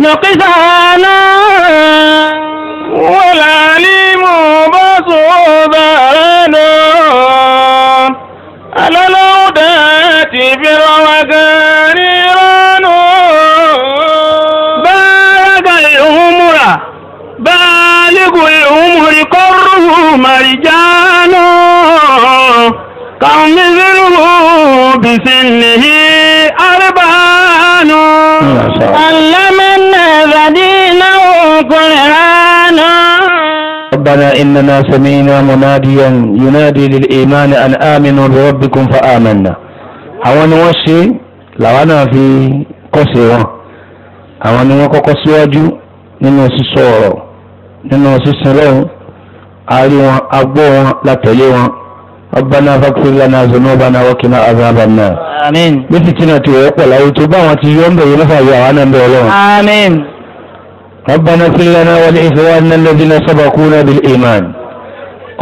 نقصانا والعليم بصوب رنا على الهداة بالوكان رنا بالغ العمر بالغ العمر قره مرجانا كم مثله بسنه أربان إننا سمينا مناديا ينادي للإيمان أن آمنوا بربكم فآمنا àwọn ni wọ́n ṣe làwọn náà fi kọ́sẹ̀ wọn àwọn ni wọ́n kọ́kọ́ síwájú nínú sísọ ọ̀rọ̀ nínú sísin lọ́hùn àárí wọn agbó wọn látẹ̀lé wọn ربنا فاغفر لنا ذنوبنا وقنا عذاب النار. آمين. bí fìtínà ti wọ́pọ̀ láwùjọ báwọn ti yọ̀ ń bẹ̀rẹ̀ lọ́fà yọ àwọn náà ń bẹ̀rẹ̀ lọ́wọ́. ربنا اغفر لنا ولإخواننا الذين سبقونا بالإيمان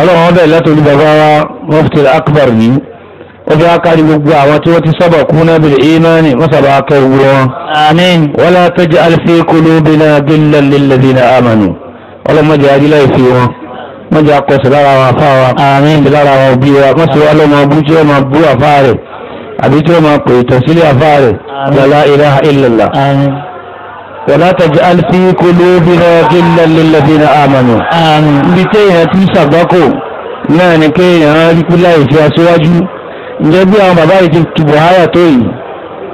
ọlọ́run ọbẹ̀ látòlú bàbá wa mufti akbar ni ó fi ákárí gbogbo àwọn tí wọ́n ti sábà kú náà bèrè ìmánì wọ́n sábà kẹ́ owó wọn. àmín. wala taj'al fi qulubina ghillan lilladhina amanu ọlọ́mọdé ajílá ìfi wọn mọ́jà kọsẹ̀ lára wa fà wa. àmín. lára wa òbí wa mọ́sí wa lọ́mọ bú tí wọ́n máa bú àfáà rẹ̀ àbí tí wọ́n máa pè é tọ̀sílẹ̀ àfáà rẹ̀. la ilaha illallah. àmín. ولا تجعل في قلوبنا غلا للذين امنوا امين بتينا تسبقوا náà ni pé ìran rí pé láì fi aṣíwájú ǹjẹ́ bí àwọn bàbá yìí ti tu buhari tó yìí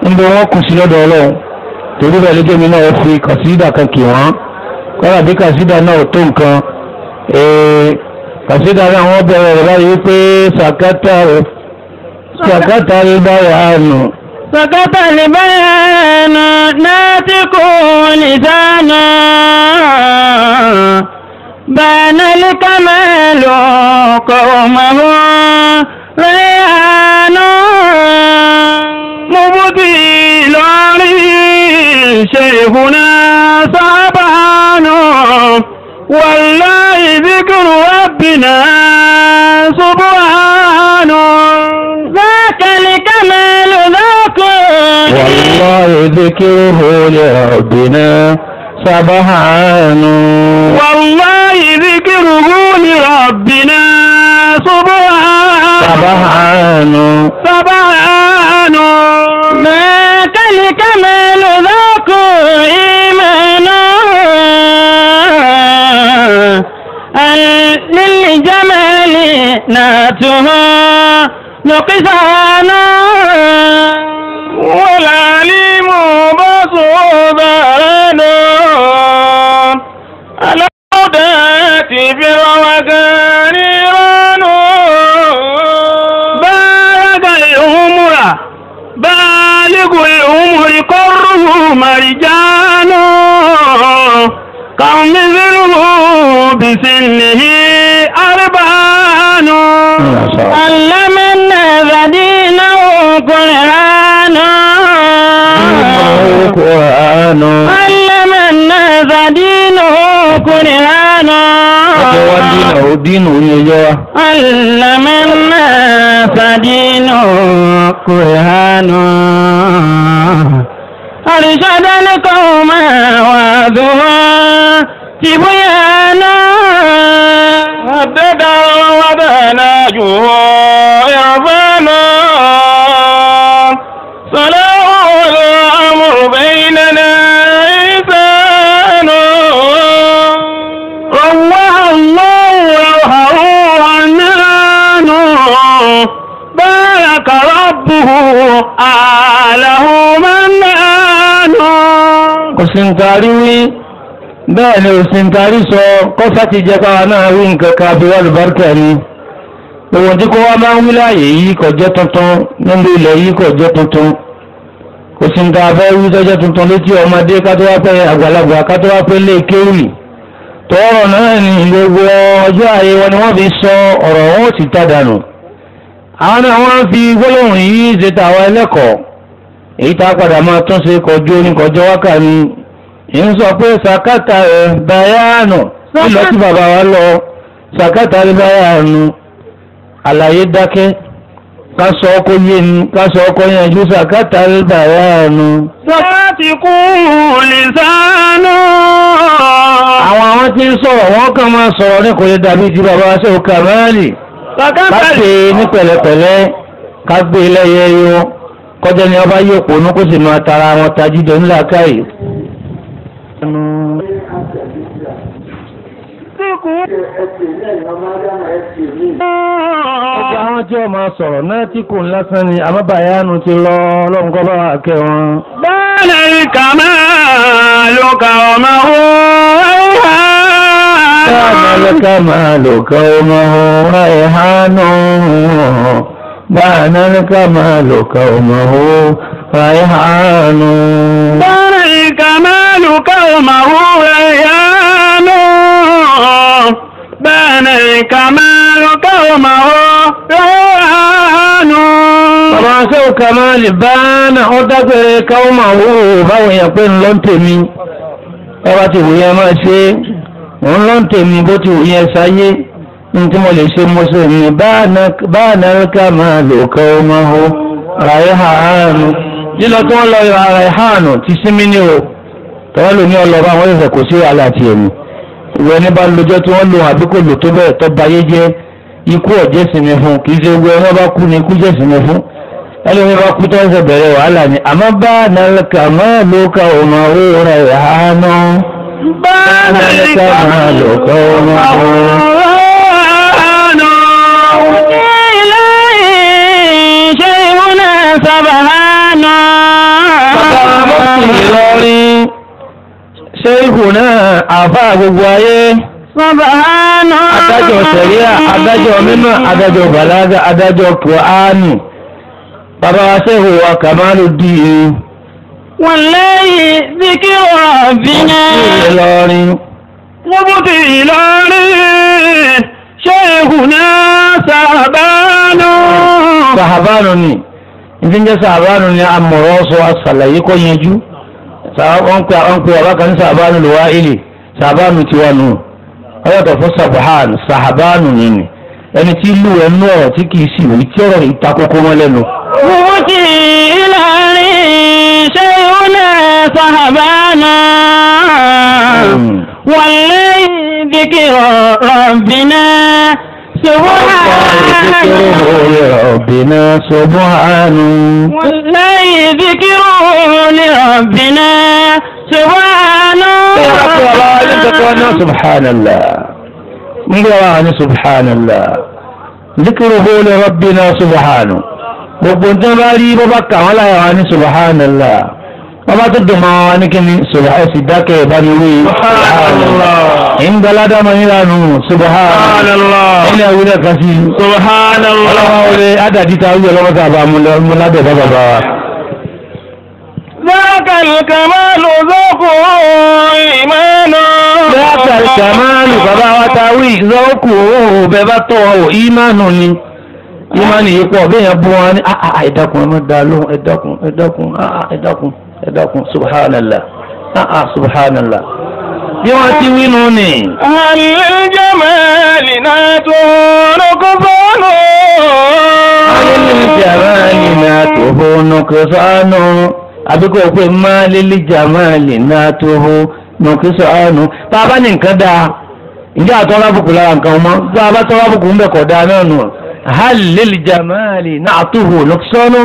ń bẹ wọ́n kù sí lọ́dọ̀ ọlọ́run torí bẹ́ẹ̀ lójú mi náà fi kàṣídà kan kì wọ́n kọ́lá bí kàṣídà náà tó nǹkan eh, kàṣídà náà wọ́n bẹ̀rẹ̀ rẹ̀ báyìí pé sàkátà rẹ̀ báyà nù. سقط البيان ناطق لسانا بان الكمال قومه ريان مبدي العري شيخنا صعبان والله ذكر ربنا سبحان ذاك الكمال لكم والله ذكره لربنا سبحانه والله ذكره لربنا سبحانه سبحانه سبحان ما تلك مال ذاك إيمانا للجمال ناتها نقصانا والعليم بصوبا wá dínà ó dínà ó ní ẹjọ́ wá. Àlàmẹ́nà sàdínà kò hánà. Àrìṣàdá ní kò máa wà dùn wá. Tìbúyà náà. Àbẹ́dà wà ربه آله منان قسنتاري وي bẹ́ẹ̀ ni òsìntàrí sọ kọ́sá ti jẹpa náà rí nǹkan ká bí wọ́n lùbárkà ni òun tí kó wá máa ń wí láàyè yìí kò jẹ́ tuntun nínú ilẹ̀ yìí kò jẹ́ tuntun òsìntà abẹ́ wí tọ́jẹ́ tuntun létí ọmọdé kátó wá pẹ́ àgbàlagbà àwọn náà wọ́n fi gbólóhùn yìí ṣe tàwọn ẹlẹ́kọ̀ọ́ èyí tá a padà máa tún ṣe kọjú oníkọjọ́ wákàní ì ń sọ pé sàkátà ẹ̀ bàyánù ìlọ sí bàbá wa lọ sàkátà ẹ̀ bàyánù àlàyé dákẹ́ kásọ ọkọ yé ni kásọ ọkọ yẹn ju sàkátà ẹ̀ bàyánù. láti kú lìsánù. àwọn àwọn tí ń sọ̀rọ̀ wọ́n kàn máa sọ̀rọ̀ ní kò lè dàbí ti bàbá wa ṣe òkà mẹ́rin ká ṣe ní pẹ̀lẹ́pẹ̀lẹ́ ká gbé e lẹ́yẹ yó kọjá ni ọba yóò pònú kó sì máa tara wọn tají dẹ ńlá káyìí. ọjà àwọn tí ó sọ̀rọ̀ náà tí kò ń lásán ni àmọ́bàyánu ti lọ ọlọ́run kọ́ bá wà kẹ́ wọn. bẹ́ẹ̀ ni kàmáà ló kà ọmọ òun ẹ̀yà. كان الكمال كومه ريحان بان الكمال كومه ريحان بان الكمال كومه ريحان بان الكمال كومه ريحان Bàbá Ṣéwù Kamali bá náà ó dágbére káwọn máa wó báwọn yẹn pé ń lọ́ntèmi. Ẹ bá ti wòye máa ṣe é òun ló ń tèmi bó ti wòye ẹsẹ ayé mo lè ṣe mo ṣe ní báà náírà máa lò kọ́ ọ máa hó ràyè hàánù lílọ tí wọ́n lọ ràyè hàánù ti sinmi ní o tọ́wọ́n lò ní ọlọ́ba àwọn ẹ̀sẹ̀ kò sí àlẹ́ àti ẹ̀mí ìwé ẹni bá lójọ́ tí wọ́n lò àbí kò lò tó bẹ́ẹ̀ tó bayé jẹ́ ikú ọ̀jẹ́ sinmi fún kì í ṣe ewu ẹni bá kú ni ikú jẹ́ sinmi fún ẹlẹ́ni bá kú tó ṣe bẹ̀rẹ̀ wàhálà ni àmọ́ báà náírà bẹ́ẹ̀ ni kàmá lò kọ́ wọn. sábàánà. Bàbá Mọ́sí Ìlọrin, ṣé ìhù náà àfá gbogbo ayé? Sábàánà. Adájọ́ Sẹ̀ríà, adájọ́ mímọ̀, adájọ́ Bàlágà, adájọ́ Kùránì. Bàbá wa ṣéhù wa Kàmálù dìé. wọ́n lẹ́yìn zikiru rabbina. mọ́bùtì ìlọrin ṣéèkùnà sàbánù. sàbánù ni ìdí jẹ́ ni Ndị sọ àṣàlàyé kọ́ yẹjú wọ́n pe àwọn sàbánù lọ́wọ́ ilé sàbánù n'ụwa nù ọ̀yọ̀tọ̀ fún sàbánù sàbánù nìyí ẹni tí lù ẹnu ọ̀rọ̀ tí kì sì wí tí ọ̀rọ̀ ìtakókó mọ́ lẹ́nu. ti صحبانا واللي ذكر ربنا سبحانه لربنا سبحانه والليل ذكره لربنا سبحانه سبحان الله مقرأنا سبحان الله ذكره لربنا سبحانه ربنا باري ببكى ولا يعني سبحان الله bàbá tó dùn mọ́ ẹnikẹ́ni sọ̀rọ̀ ẹ sì dákẹ́ ìbániwí. ìgbàládà máa ń yànnú subhanallah ilẹ̀ ìwúlẹ̀ kan sí. subhanallah ọlọ́wọ́ wọlé ádàdíta ó yẹ lọ́wọ́ tá a bá mú ládẹ̀ bá bàbá wa. ذاك الكمال ذوقه إيمان ذاك الكمال bàbá wa táwí ذوقه bẹ́ẹ̀ bá tọ́ ọ ìmánu ni ìmánu yìí pọ̀ bẹ́ẹ̀ yẹn bú wọn ní ah, ah, ah, ẹ̀dákun ẹ̀mọ́ dá lóhùn ẹ dákun subhanallah ah, ah subhanallah bí wọ́n ti wí nù ní. àlejòmọ́ nínú tó lóko fọ́nù. àlejòmọ́ nínú tó lóko fọ́nù. àbíkó tó lóko fọ́nù. a nǹkan dáa ǹjẹ́ àtọ́lá bùkún lára nǹkan mọ́ tọ́lá bùkún ń bẹ̀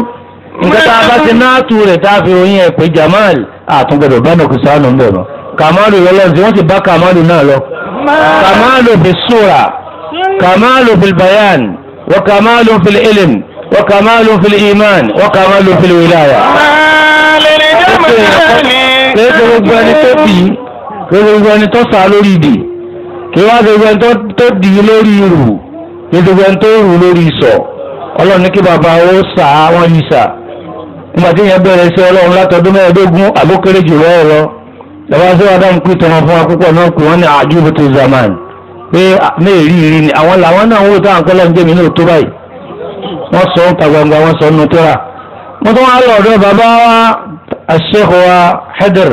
nǹkan tá a bá ti náà tu rẹ̀ tá a fi ròyìn ẹ̀ pé Jamal àtúngbẹ̀dọ̀ bẹ́ẹ̀ kò sánú ń bẹ̀ mọ́ kàmáàlù yọlọ́ọ̀sì wọ́n ti bá kàmáàlù náà lọ kàmáàlù bí sùrà kàmáàlù bí bayan wà kàmáàlù fi ilim wà kàmáàlù fi iman wà kàmáàlù fi wilaya. kéèké gbogbo ẹni tó bì í kéèké gbogbo ẹni tó sá lórí ìdì kí wá gbogbo ẹni tó dì í lórí ìrù kí gbogbo ẹni tó rù lórí ìsọ̀ ọlọ́run ní kí bàbá ó sà á wọ́n yí sà nígbà tí yẹn bẹ̀rẹ̀ sí ọlọ́run látọdún mẹ́ẹ̀ẹ́dógún àbókéré jù lọ́ọ̀ lọ lọ́wọ́ sí wọn dáhùn pé tọmọ fún wa púpọ̀ náà pé wọ́n ní àjúbù tó zaman pé méèrí rí ni àwọn làwọn náà wò táwọn kọ́lọ́ ń jẹ́mi náà tó báyìí wọ́n sọ ń ta gbangba wọ́n sọ nù tíra wọ́n tún wá lọ ọ̀dọ̀ bàbá wa aṣèkò wa Haider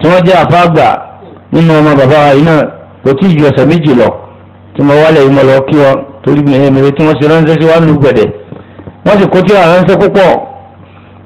tí wọ́n jẹ́ àfáàgbà nínú ọmọ bàbá wa yìí náà kò tí ì ju ọ̀sẹ̀ méjì lọ tí mo wálẹ̀ yìí kí wọn torí mi ẹ̀ mi tí wọ́n ṣe ránṣẹ́ sí wa lù gbẹ̀dẹ̀ wọ́n sì kó tíra ránṣẹ́ púpọ̀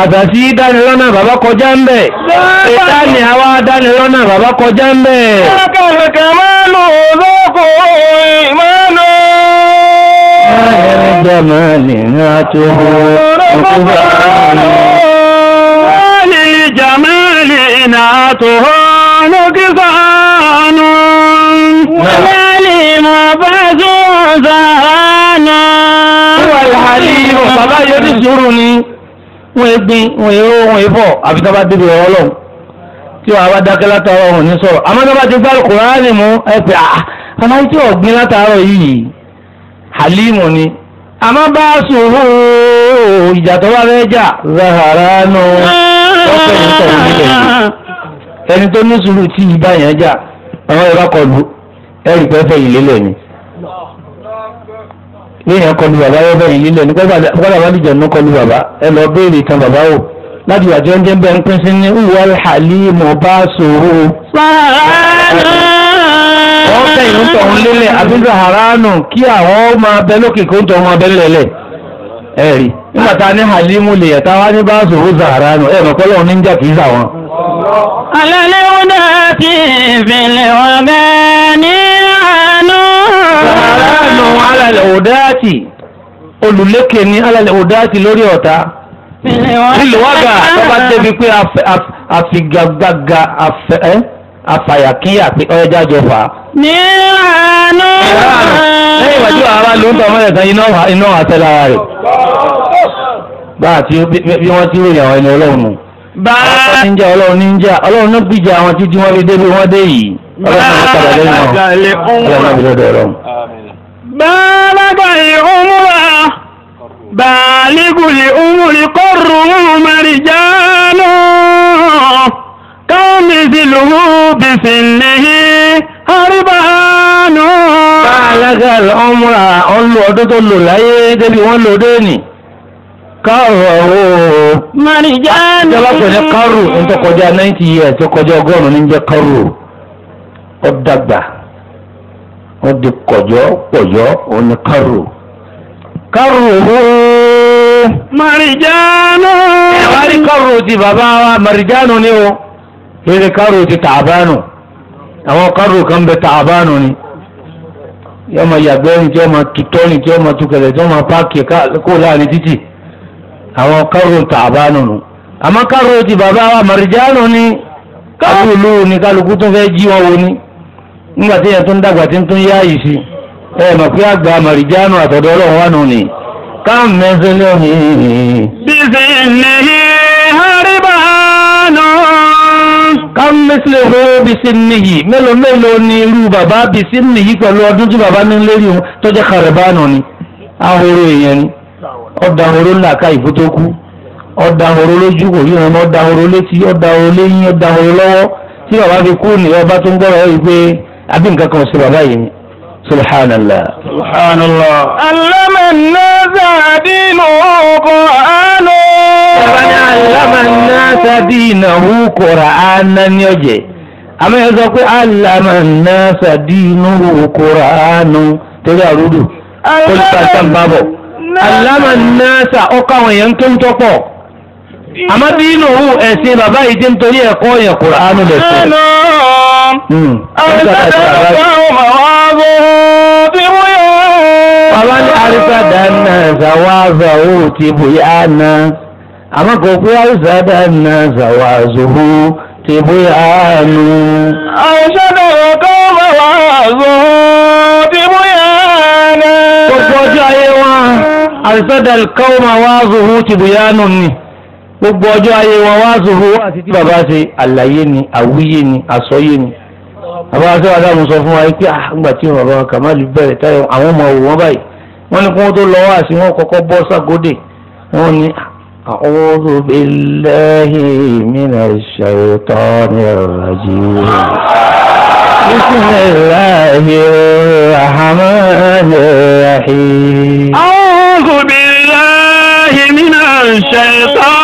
àtàtí dánilọ́nà bàbá kọjá ń bẹ̀. ìdáni àwa dánilọ́nà bàbá kọjá ń bẹ̀. kàkàkà máa lò lóko ìmọ̀nà. láyé dàmà nìyà tó hó òkú bá mi. láyé jàmá nìyà tó hó lókè sànù. wàlálì mọ̀ bá sùn sàrànà. wàlálì mọ̀ bàbá yóò ti sùúrù ni wọn è gbin wọn è ó wọn è fọ àfi tó bá débi ọ̀rọ̀ lọ tí wàá bá dákẹ́ látàárọ̀ ọ̀hún ní sọ̀rọ̀ àmọ́ tó bá ti gbárùkù Kùránì mú ẹ à àmọ́ ah, tí ò gbin látàárọ̀ yìí halimu ni àmọ́ bá sùúrù ìjà tó bá fẹ́ jà zahara nù ọ̀pẹ̀ nítorí nílẹ̀ ẹni tó ní sùúrù tí ì bá yẹn jà àwọn ìbá kọlu ẹ̀rì pẹ́fẹ́ ìlélẹ̀ ni léèyàn kọlu bàbá yọ bẹ́ẹ̀ yìí lẹ̀ nígbà gbọ́dọ̀ bá dìjọ ní kọlu bàbá ẹ lọ béèrè tán bàbá wò láti wà jọ ń jẹ́ bẹ́ẹ̀ ń pín sí ní ìwà ìhàlí mọ̀ bá sòro. wọ́n fẹ̀yìn ń tọ̀hún lélẹ̀ àbíjú àránù kí àwọn máa bẹ lókè kó ń tọ̀hún máa lẹ̀lẹ̀ ẹ rí nígbà tá a ní halimu lè yẹta wá ní bá sòro zàránù ẹ mọ̀ kọ́lọ́ ní jà wọn. náà ti ìfìlẹ̀ wọn bẹ́ẹ̀ ní àánú àánú alàlẹ̀ òdáàtì olùlékè ní alàlẹ̀ òdáàtì lórí ọ̀tá ìlúwàgà tọ́ba débi pé àfìgàgbàgà àfẹ́ àfàyàkíyà pé ọ̀yẹ́jà jọ fà á. ní lẹ́yìn ìwájú ara ló ń tọ́ tán iná àtẹ́lára rẹ̀ bá a ti bí wọ́n ti ròyìn àwọn ẹni ọlọ́run nù bá a níjà ọlọ́run níjà ọlọ́run náà gbìjà àwọn títí wọ́n fi débi wọ́n dé yìí ọlọ́run náà padà lẹ́yìn náà ọlọ́run náà fi lọ́dọ̀ ọlọ́run balagal umra baligul umri qarrum rijalu kamithluhu bisinnihi haribanu. balagal umra ọlú ọdún tó lò láyé débi wọ́n lò dé nì kárọ̀ọ́ marijan jọlọpọ̀ ní kárù ń tó kọjá ninety years tó kọjá ọgọ́rùn ní jẹ́ kárù ó wọ́n di kọ̀jọ́ pọ̀jọ́ òun ni kárò. kárò hó. marijano. ẹ wá rí kárò ti bàbá wa marijano ni o kí ni kárò ti tàbánu àwọn kárò kan bẹ tàbánu ni yọ ma yàgbẹ́ ní tí wọ́n ma tutọ́ ní tí wọ́n ma tukẹ̀lẹ̀ tí wọ́n ma páàkì kó láàrin títì àwọn kárò ń tàbá nùnú. àmọ́ kárò ti bàbá wa màrìjáàlù ni kábùlù ni kálukú tó fẹ́ jí wọn wo ni nígbà tí yẹn tó ń dàgbà tí ń tún yá yìí sí ẹ mọ̀ pé àgbà màrìjánu àtọ̀dọ̀ ọlọ́run wà nù ni káà mẹ́sẹ̀ lónìí. bísí nìyí hariba nù. káà mẹ́sẹ̀ lónìí bísí nìyí mélòó mélòó ni irú bàbá bísí nìyí pẹ̀lú ọdún tí bàbá ní lérí wọn tó jẹ́ kàrìbá nù ni ahoro èèyàn ni ọ̀dà ahoro ńlá ká ìbú tó kú ọ̀dà ahoro lójú kò rí ọ̀dà ahoro létí ọ̀dà ahoro lẹ́yìn ọ̀dà ahoro lọ́wọ́ tí bàbá fi kú ní ọba tó ń gbọ́rọ̀ àbí nǹkan kan sí bàbá yìí subhanallah. subhanallah. alama alama nasa dinahu kur'ana alama nasa dinahu kur'anu torí alama nasa ọkọ àwọn èèyàn tó Hmm. Bàbá ní àrísàdá náà ṣàwáàzà ó ti bóyá náà. Àmọ́ kò pé àrísàdá náà ṣàwáàzà ó ti bóyá náà. Àrísàdá náà kọ́ bàbá àzọ ti bóyá náà. Gbogbo ọjọ́ ayé wọn, àrísàdá kọ́ máa wá zòwú ti bóyá náà ni gbogbo ọjọ́ ayé wọn wá zòwò àti tí bàbá ṣe àlàyé ni àwíyé ni àsọyé ni bàbá wa sọ́wọ́ adáàmú sọ fún wa pé àgbà ah, tí wọn bàbá wa Kàmáàlì bẹ̀rẹ̀ táyọ̀ àwọn ọmọ òwò wọn báyìí wọ́n ní kí wọ́n tó lọ wá sí wọn kọ́kọ́ bọ́ Ságódé wọ́n ní a'udhu billahi minash shaitanir rajim bismillahir rahmanir rahim a'udhu billahi minash shaitanir.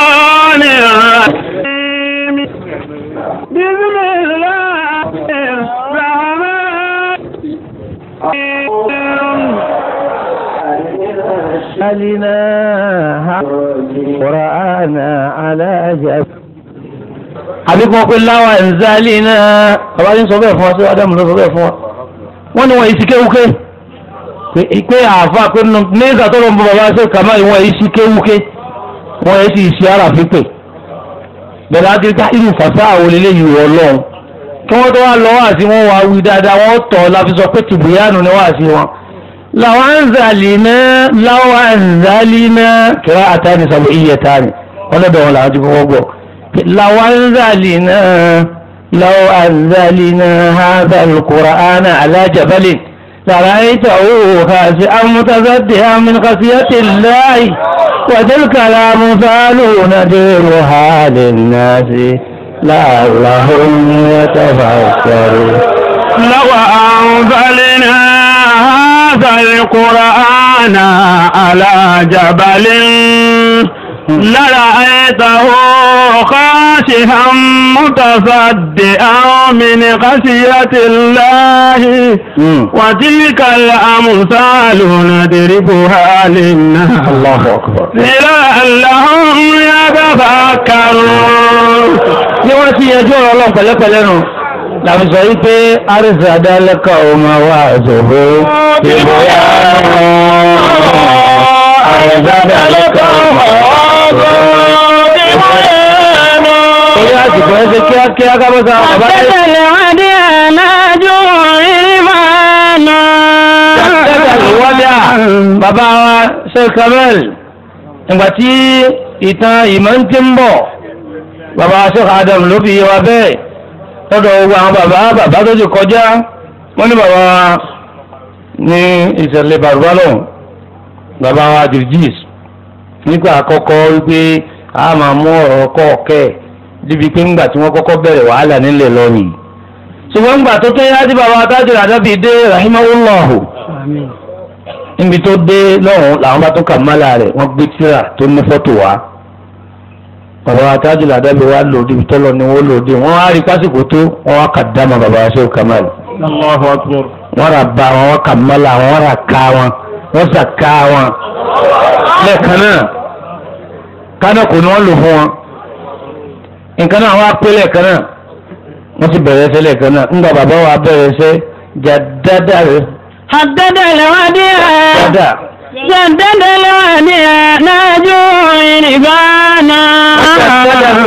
قرآنا على جف àbíkún pé láwa ẹ̀ǹzálì náà bàbá yín sọ bẹ́ẹ̀ fún wa sí ádámù ló sọ bẹ́ẹ̀ fún wa wọ́n ní wọ́n yìí sí kéwúké pé àáfà pé nígbà tó ló ń bọ bàbá ṣe kàmá yìí wọ́n yìí sí kéwúké wọ́n yìí sì ṣe ara pípé bẹ̀rẹ̀ àti ká irú fàṣà àwòlélẹ́ yìí wọ̀ lọ́hùn kí wọ́n tó wá lọ́wọ́ àti wọ́n wá wí dáadáa wọ́n tọ̀ láfi sọ pé tìbúyánu ni wọ́n àti wọn. لو أنزلنا لو أنزلنا سبعية سبعيتان ولا ده ولا أجيب لو أنزلنا لو أنزلنا هذا القرآن على جبل لرأيته خاسئا متصدعا من خشية الله وتلك الأمثال نديرها للناس لعلهم يتفكرون لو أنزلنا القرآن على جبل لرأيته خاشعا متصدئا من خشية الله وتلك الأمثال ندربها للناس الله أكبر لعلهم يتفكرون. يا ولد الله فلا فلا làwọn sọ wípé àrísà dálẹ́kọ̀ ọmọ wa ṣòfò tí mo yá àrísà dálẹ́kọ̀ ọmọ wa ṣòfò tí mo yá. Orí àsìkò ẹ ṣe kíákíá kábọ́sà bàbá rẹ̀. Àtẹ̀tẹ̀lẹ̀ adé ànájú rírí máa nà. Àtẹ̀tẹ̀lẹ̀ wọlé à bàbá wa ṣe Kamel ìgbà tí ìtàn ìmọ̀ ń ti ń bọ̀ bàbá ṣe Adam ló fi yé wa bẹ́ẹ̀. lọ́dọ̀ owó àwọn bàbá bàbá tó ti kọjá wọ́n ní bàbá wa ní ìṣẹ̀lẹ̀ bàbá bàbá wa jìrìjìs nígbà àkọ́kọ́ wípé a máa mú ọ̀rọ̀ kọ́ọ̀kẹ́ débi pé ńgbà tí wọ́n kọ́kọ́ bẹ̀rẹ̀ wàhálà nílẹ̀ lọ́nìí ṣùgbọ́n ńgbà tó tẹ́ yá sí bàbá adájọ́ àdábì dé rahimahullahu níbi tó dé làwọn bá tún kà mọ́lá rẹ̀ wọ́n gbé tíra tó ní fọ́tò bàbá wa tájú làdábì wa lò dé ibi tọ́lọ ni wọ́n lò dé wọ́n á rí pásìkò tó wọ́n wá kà dámà bàbá wa sẹ́wọ̀n kamal. wọ́n rà bá wọn wọ́n kà mọ́là wọn wọ́n rà ká wọn wọ́n sà ká wọn. lẹ́ẹ̀kan náà kánà kò ní wọ́n lò fún wọn. nǹkan náà wọ́n á pé lẹ́ẹ̀kan náà wọ́n ti bẹ̀rẹ̀ ẹsẹ̀ lẹ́ẹ̀kan náà ńgbà bàbá wa bẹ̀rẹ̀ ẹsẹ̀ jàdádà rẹ̀. جدد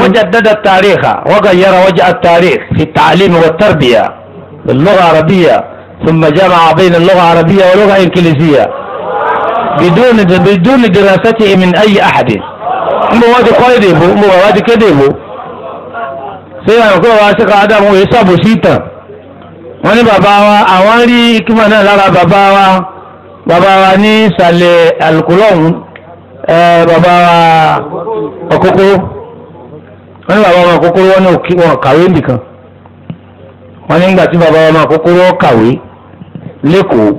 وجدد التاريخ وغير وجه التاريخ في التعليم والتربية باللغة العربية ثم جمع بين اللغة العربية واللغة الإنجليزية بدون بدون دراسته من أي أحد مو وادي قيدبو مو وادي كدبو سيما يقول واسق عدم يسابو سيتا wọ́n ní bàbá wa àwọn rí bàbá wa ní ìsàlẹ̀ àlùkùlọ̀hún ẹ bàbá wa ọ̀kókó wọ́n ní bàbá wa ọ̀kókó wọ́n ní òkè wọn kàwé nìkan wọ́n ní gbà tí bàbá wa ọ̀kókó wọ́n kàwé lẹ́kọ̀ọ́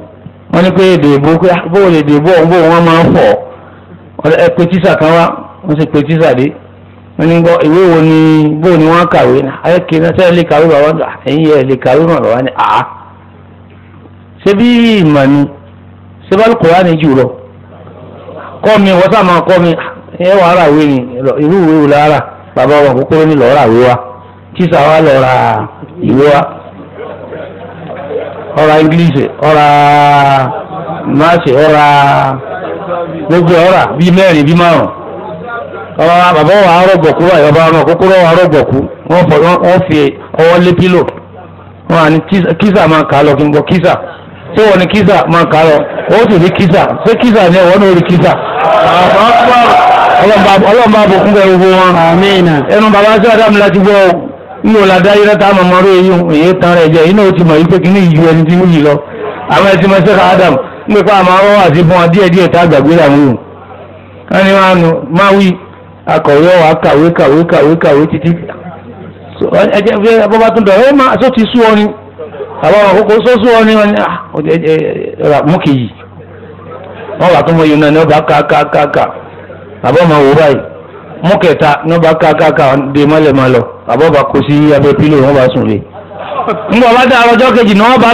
wọ́n ní pé èdè ìbò pé bóò lè dè bó bó wọ́n máa ń fọ̀ ẹ pé tíṣà kan wá wọ́n sì pé tíṣà dé wọ́n ní gbọ́ ìwé wo ni bóò ni wọ́n kàwé náà ayẹ́kẹ́ náà sẹ́yìn lè kàwé bàbá ẹ̀yìn yẹ lè kàwé bàbá ni àá ṣé bí ìmọ̀ ni sẹ́fọ́lì kọ́ra ni jù lọ kọ́ mi wọ́n sàmà kọ́ mi ni irú ìwé wò lára bàbá wọn kó kúrò ní lọ́ọ́ rà wa tíṣà wa lọ́ọ́ ra wa ọ̀ra English ọ̀ra máàsì ọ̀ra gbogbo ọ̀ra bíi mẹ́rin bíi márùn ọ̀ra bàbá wa arọ̀gbọ̀kú wa ìyọba wọn kó kúrò arọ̀gbọ̀kú wọ́n fi ọwọ́ lé pílò wọn à ní kíṣà máa kà á lọ kí n tí wọ́n ní kíza máa kà lọ ó rí kíza ṣé kíza ni wọ́n náà rí kíza. ọlọ́mọba àbùkún bẹ gbogbo wọn ẹnu bàbá sí adamu láti ti mọ̀ ní ìyú ẹni tí ń yí lọ àwọn ẹtì àwọn àkókò sọ́sù wọn ni wọn ah, ra mú kejì wọn bá tó mọ yìí náà ní ọba kákákáká bàbá ọmọ wò báyìí mú ní ọba kákáká dè mọ́lẹ̀ lọ bàbá ọba kò sí abẹ́ pílò wọn bá sùn lé ngbọ bá dá ọjọ́ kejì ni wọ́n bá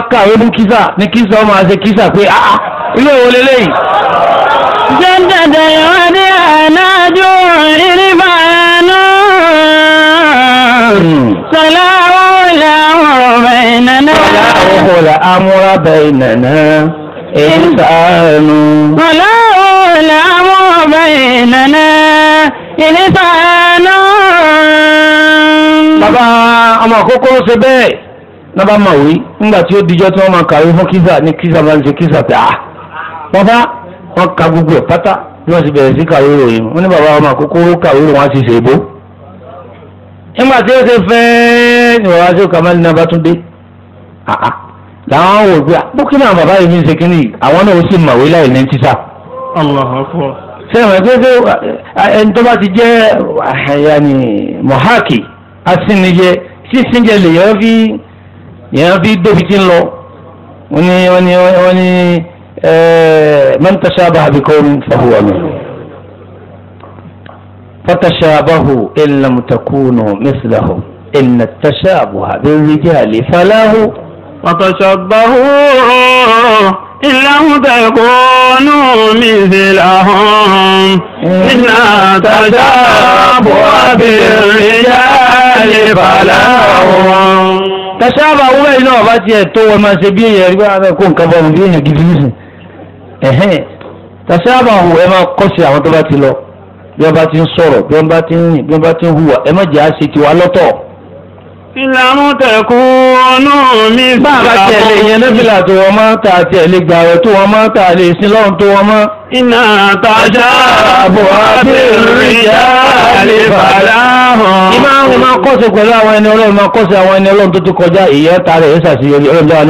بيننا ولا أولى أمر بيننا إنسان ولا أولى أمر بيننا إنسان bàbá ọmọ àkókò ṣe bẹ́ẹ̀ lọ́ba máa wí nígbà tí ó dijọ́ tí wọ́n máa kàwé fún kíza ní kíza máa ka gbogbo ẹ̀ pátá bí wọ́n sì bẹ̀rẹ̀ sí kàwé ròyìn wọn ní bàbá ọmọ àkókò kàwé ti nígbà tí ó ṣe làwọn wò pé bókínà àwọn bàbá yìí ń ṣe kínní àwọn náà ó sì mọ̀wé láì ní tíṣà. sẹ́wọ̀n pé ẹni tó bá ti jẹ́ àyàní mọ̀háàkì asínijẹ sísínjẹ lèyàn fi lèyàn fi dóbi tí ń lọ wọ́n ní wọ́n ní wọ́n ní man tashabaha bi qawmin fahuwa minhum fatashabahu in lam takunu mislahum inna tashabuha bil rijali falahu. وتصبهوا إنهم تكونوا مثلهم إن تشابه بالرجال بلاهم tẹsáàbà wúlò iná ọba tiẹ̀ tó wọn máa ṣe bí èèyàn rí bá ara kó nǹkan bá wọn bí èèyàn gidi nísìn ẹ̀hẹ́n tẹsáàbà wù ẹ máa kọ́ àwọn tó bá ti lọ bí wọ́n bá ti ń sọ̀rọ̀ bí wọ́n bá ti ń rìn bí wọ́n bá ti ń hùwà ẹ má jẹ́ àṣetì wa lọ́tọ̀ ìlànà tẹ̀kùnú mi sí àwọn. bá a bá tiẹ̀ lè yẹn nẹ́bìlà tó wọ́n mọ́ ta tiẹ̀ lè gbà rẹ̀ tó wọ́n mọ́ ta lè sin lọ́run tó wọ́n mọ́. iná tàṣà àbò abẹ́rẹ́jà lè bàlá hàn. ìmọ̀ àwọn ìmọ̀ kọ́sẹ̀ pẹ̀lú máa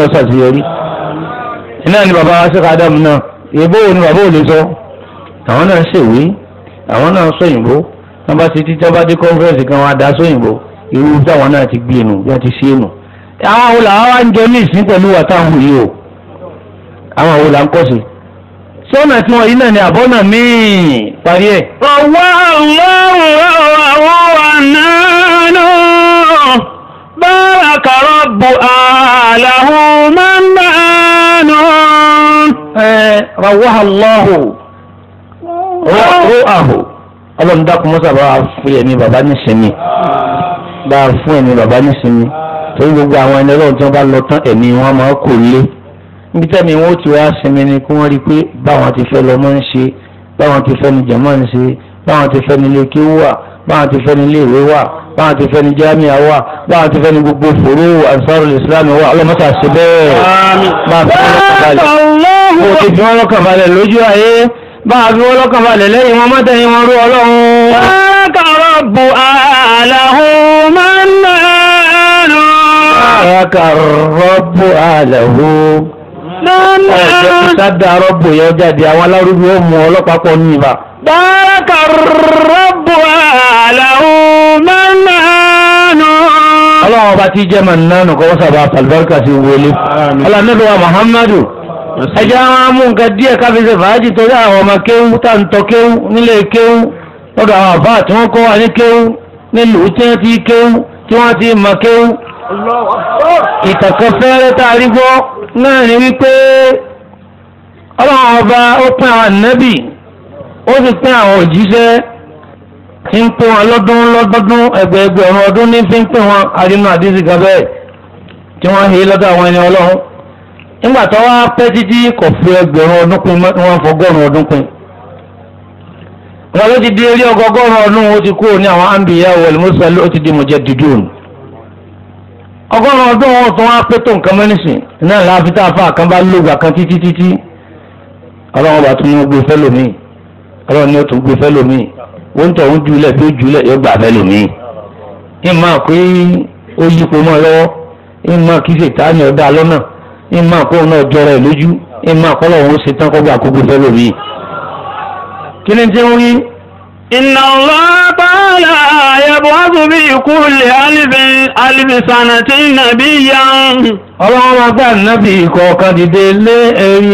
kọ́sẹ̀ iná ni bàbá wa sẹ́ka ádámù náà èbó wo ni bàbá ò lè sọ àwọn náà ṣèwé àwọn náà sóyìnbó wọn bá ti títí irú táwọn náà ti gbé e nù bí wọ́n ti ṣe nù àwọn àwọn ń jẹ ní ìsín pẹ̀lú wà yìí o àwọn àwọn ń kọ́ sí sọ́nà tí wọ́n yìí náà ni àbọ́nà míì parí ẹ̀. ọ̀wọ́ ọlọ́run ọ̀wọ́ wà nánú bára kàrọ̀ bu àlàhùn máa ń bá nù. ẹ rawọ́ aláhùn rọ́ àhùn ọlọ́run dákun mọ́sàbá fúyẹ̀ ní bàbá ní sinmi bá a fún ẹ̀mí bàbá nísìnyí torí gbogbo àwọn ẹni ọlọ́run tí wọ́n bá lọ tán ẹ̀mí wọn máa kò lé níbi tẹ́mi wọn ó ti wá sinmi ni kí wọ́n rí i pé báwọn ti fẹ́ lọ́mọ ń ṣe báwọn ti fẹ́ ni jẹ̀mọ́ ń ṣe báwọn ti fẹ́ ni ilé kí wà báwọn ti fẹ́ ni ilé ìwé wà báwọn ti fẹ́ ni jami'a wà báwọn ti fẹ́ ni gbogbo fòró ansarul islam wà ọlọ́mọta ṣe bẹ́ẹ̀ máa fi wọn lọ́kàn balẹ̀ lójú ayé bá fi wọn lọ́kàn balẹ̀ lẹ́yìn wọn mọ́tẹ́yìn wọn rú ọlọ́run. ذاك رب له منان ذاك الرب له ọjọ́ sádà rọ́bù yẹn jáde àwọn alárúbí ó mú ọlọ́pàá pọ̀ ní ibà. ذاك الرب له منان. ọlọ́run ọba tí jẹ́ mànánù kọ́wọ́ sábà pàlùbáríkà sí wọlé. ọlọ́run ọba muhammadu ẹja máa mú nǹkan díẹ̀ káfíńsẹ̀ fàájì torí àwọn ọmọ kéwú tá ń tọ́ kéwú nílé kéwú lọ́dọ̀ àwọn àbá tí wọ́n kọ́ wa ní kéwú nílùú tí wọ́n ti kéwú tí wọ́n ti mọ̀ kéwú. ìtàkùn tá a rí gbọ́ náà ni wípé ọlọ́run ọba ó pín àwọn ànábì ó sì pín àwọn òjíṣẹ́ tí ń pè wọn lọ́dún lọ́dọọdún ẹgbẹ̀ẹgbẹ̀rún ọdún ní fi ń pè wọn àdínú àdínsì kan bẹ́ẹ̀ tí wọ́n he lọ́dọ̀ àwọn ẹni ọlọ́run nígbà tó wá pẹ́ títí kò fi ẹgbẹ̀rún ọdún pin wọ́n fọgọ́rùn ọdún pin. wọn ló ti di eré ọgọgọrùn ọdún ó ti kúrò ní àwọn ambiya wal ó ti di mujaddidun ọgọ́rùn ọdún wọn wá pé tó nǹkan náà a fa lóògbà kan títí títí Ọlọ́run bá tún ní gbé fẹlòmíì Ọlọ́run ní ó tún gbé bí ó yóò gbà pé ó mọ́ lọ́wọ́ kí ọ̀dà lọ́nà kí ni tí ń wí. Inna Allah ta'ala yab'athu bi kulli alfi sanatin nabiyyan. ọlọ́run máa gbà nábì kọ̀ọ̀kan dìde lé ẹ̀yìn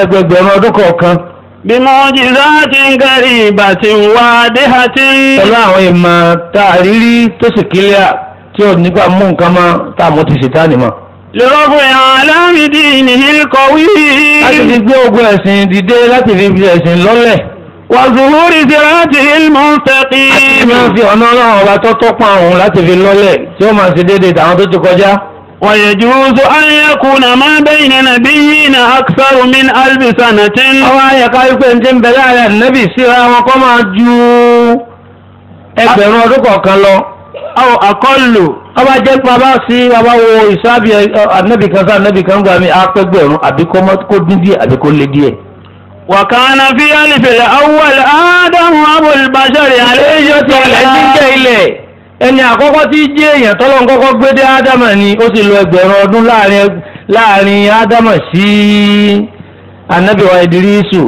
ẹgbẹgbẹ̀rún ọdún kọ̀ọ̀kan. bí mu'jizatin karibatin wadihatin. pẹ̀lú àwọn ìmọ̀ tá a rírí tó sì tí mú nǹkan mọ́ tá a mú ti ṣètánì mọ́ lọ́rọ̀bù aláàmìdí nìyí kọ̀wé. láti fi gbé ogun ẹ̀sìn dìde láti fi fi ẹ̀sìn lọ́lẹ̀. wàzùhúrì sirati ilmọ̀ntẹ́kì. àti máa fi ọ̀nà ọlọ́run ọba tó tọ́pọ̀ àwọn láti fi lọ́lẹ̀ tí ó máa ṣe déédéé tàwọn tó ti kọjá. ويجوز أن يكون ما بين نبينا أكثر من ألف سنة. ọwọ́ ayẹ̀ká ikú ẹ̀ ń tẹ́ ń bẹ̀rẹ̀ àyà nẹ́bì síra wọn kọ́ máa ju ẹgbẹ̀rún ọdún kọ̀ọ̀kan lọ. àwọn àkọlù. ọba jẹ́ bàbá sí bàbá wo ìsábì eh, ànẹ́bì kan sí ànẹ́bì kan gbà mí á pẹ́ gbẹ̀rún àbí kó dín díẹ̀ àbí kó lé díẹ̀. wakana fi في ألف الأول آدم أبو البشر عليه السلام ẹni àkọ́kọ́ tí jẹ́ èèyàn tọ́lọ́n kọ́kọ́ gbé dé ádámà ni ó si lò ẹgbẹ̀rún ọdún láàrin ádámà sí anábìwá ìdírísù.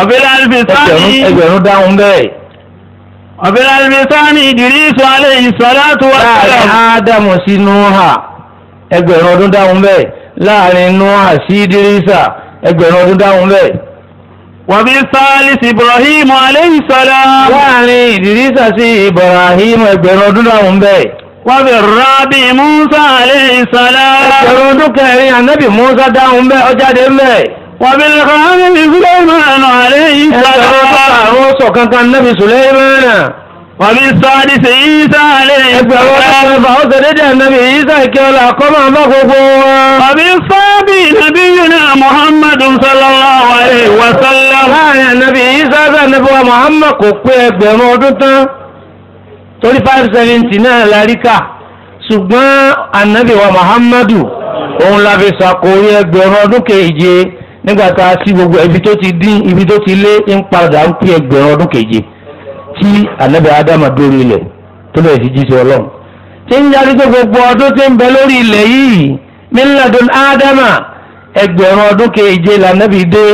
ẹgbẹ̀rún dáhùn bẹ́ẹ̀. ọ̀bẹ̀rẹ̀ alìbẹ̀sáni ìdírísù alẹ́ ìsọ̀láàtú wà. láàrin da wàbí sálísì ibrahim aleyhi salam. láàrin ìdírísà sí ibrahim ẹgbẹ̀rún ọdún làwọn bẹ́ẹ̀. wàbí rábì musa aleyhi salam. ẹgbẹ̀rún ọdún kẹrin anabi musa dáhùn bẹ́ẹ̀ ọjáde bẹ́ẹ̀. wàbí lẹ́kọ̀ọ́ anabi suleiman aleyhi salam. ẹgbẹ̀rún ọdún kàrún sọ̀kankan anabi suleiman. Wàbí sọ́ọ́dí sí Ìsá lè ní ìgbà wọn lọ́wọ́ ó tẹ̀lẹ́dẹ̀ nàbí Ìsá kí ọlá kọ́ máa bá gbogbo wọn. Wàbí sọ́ọ́bí nàbí Yunà Mùhàmmadu sallallahu alaihi wa sallam. Láàrin nàbí Ìsá bá nàbí wa Mùhàmmad kò pé ẹgbẹ̀rún ọdún tán. Torí five seventy náà láríkà. Ṣùgbọ́n ànábì wa Muhammadu, òun la fi ṣàkórí ẹgbẹ̀rún ọdún keje nígbà tá a sí gbogbo ibi tó ti dín ibi tó ti lé ń padà ń pín ẹgbẹ̀rún ọdún keje tí anabi adama dórí ilẹ̀ tó lè fi jíṣẹ́ ọlọ́run tí ń yarí pé gbogbo ọdún tí ń bẹ lórí ilẹ̀ yìí mílíọ̀dún ádámà ẹgbẹ̀rún ọdún keje lànàbì dé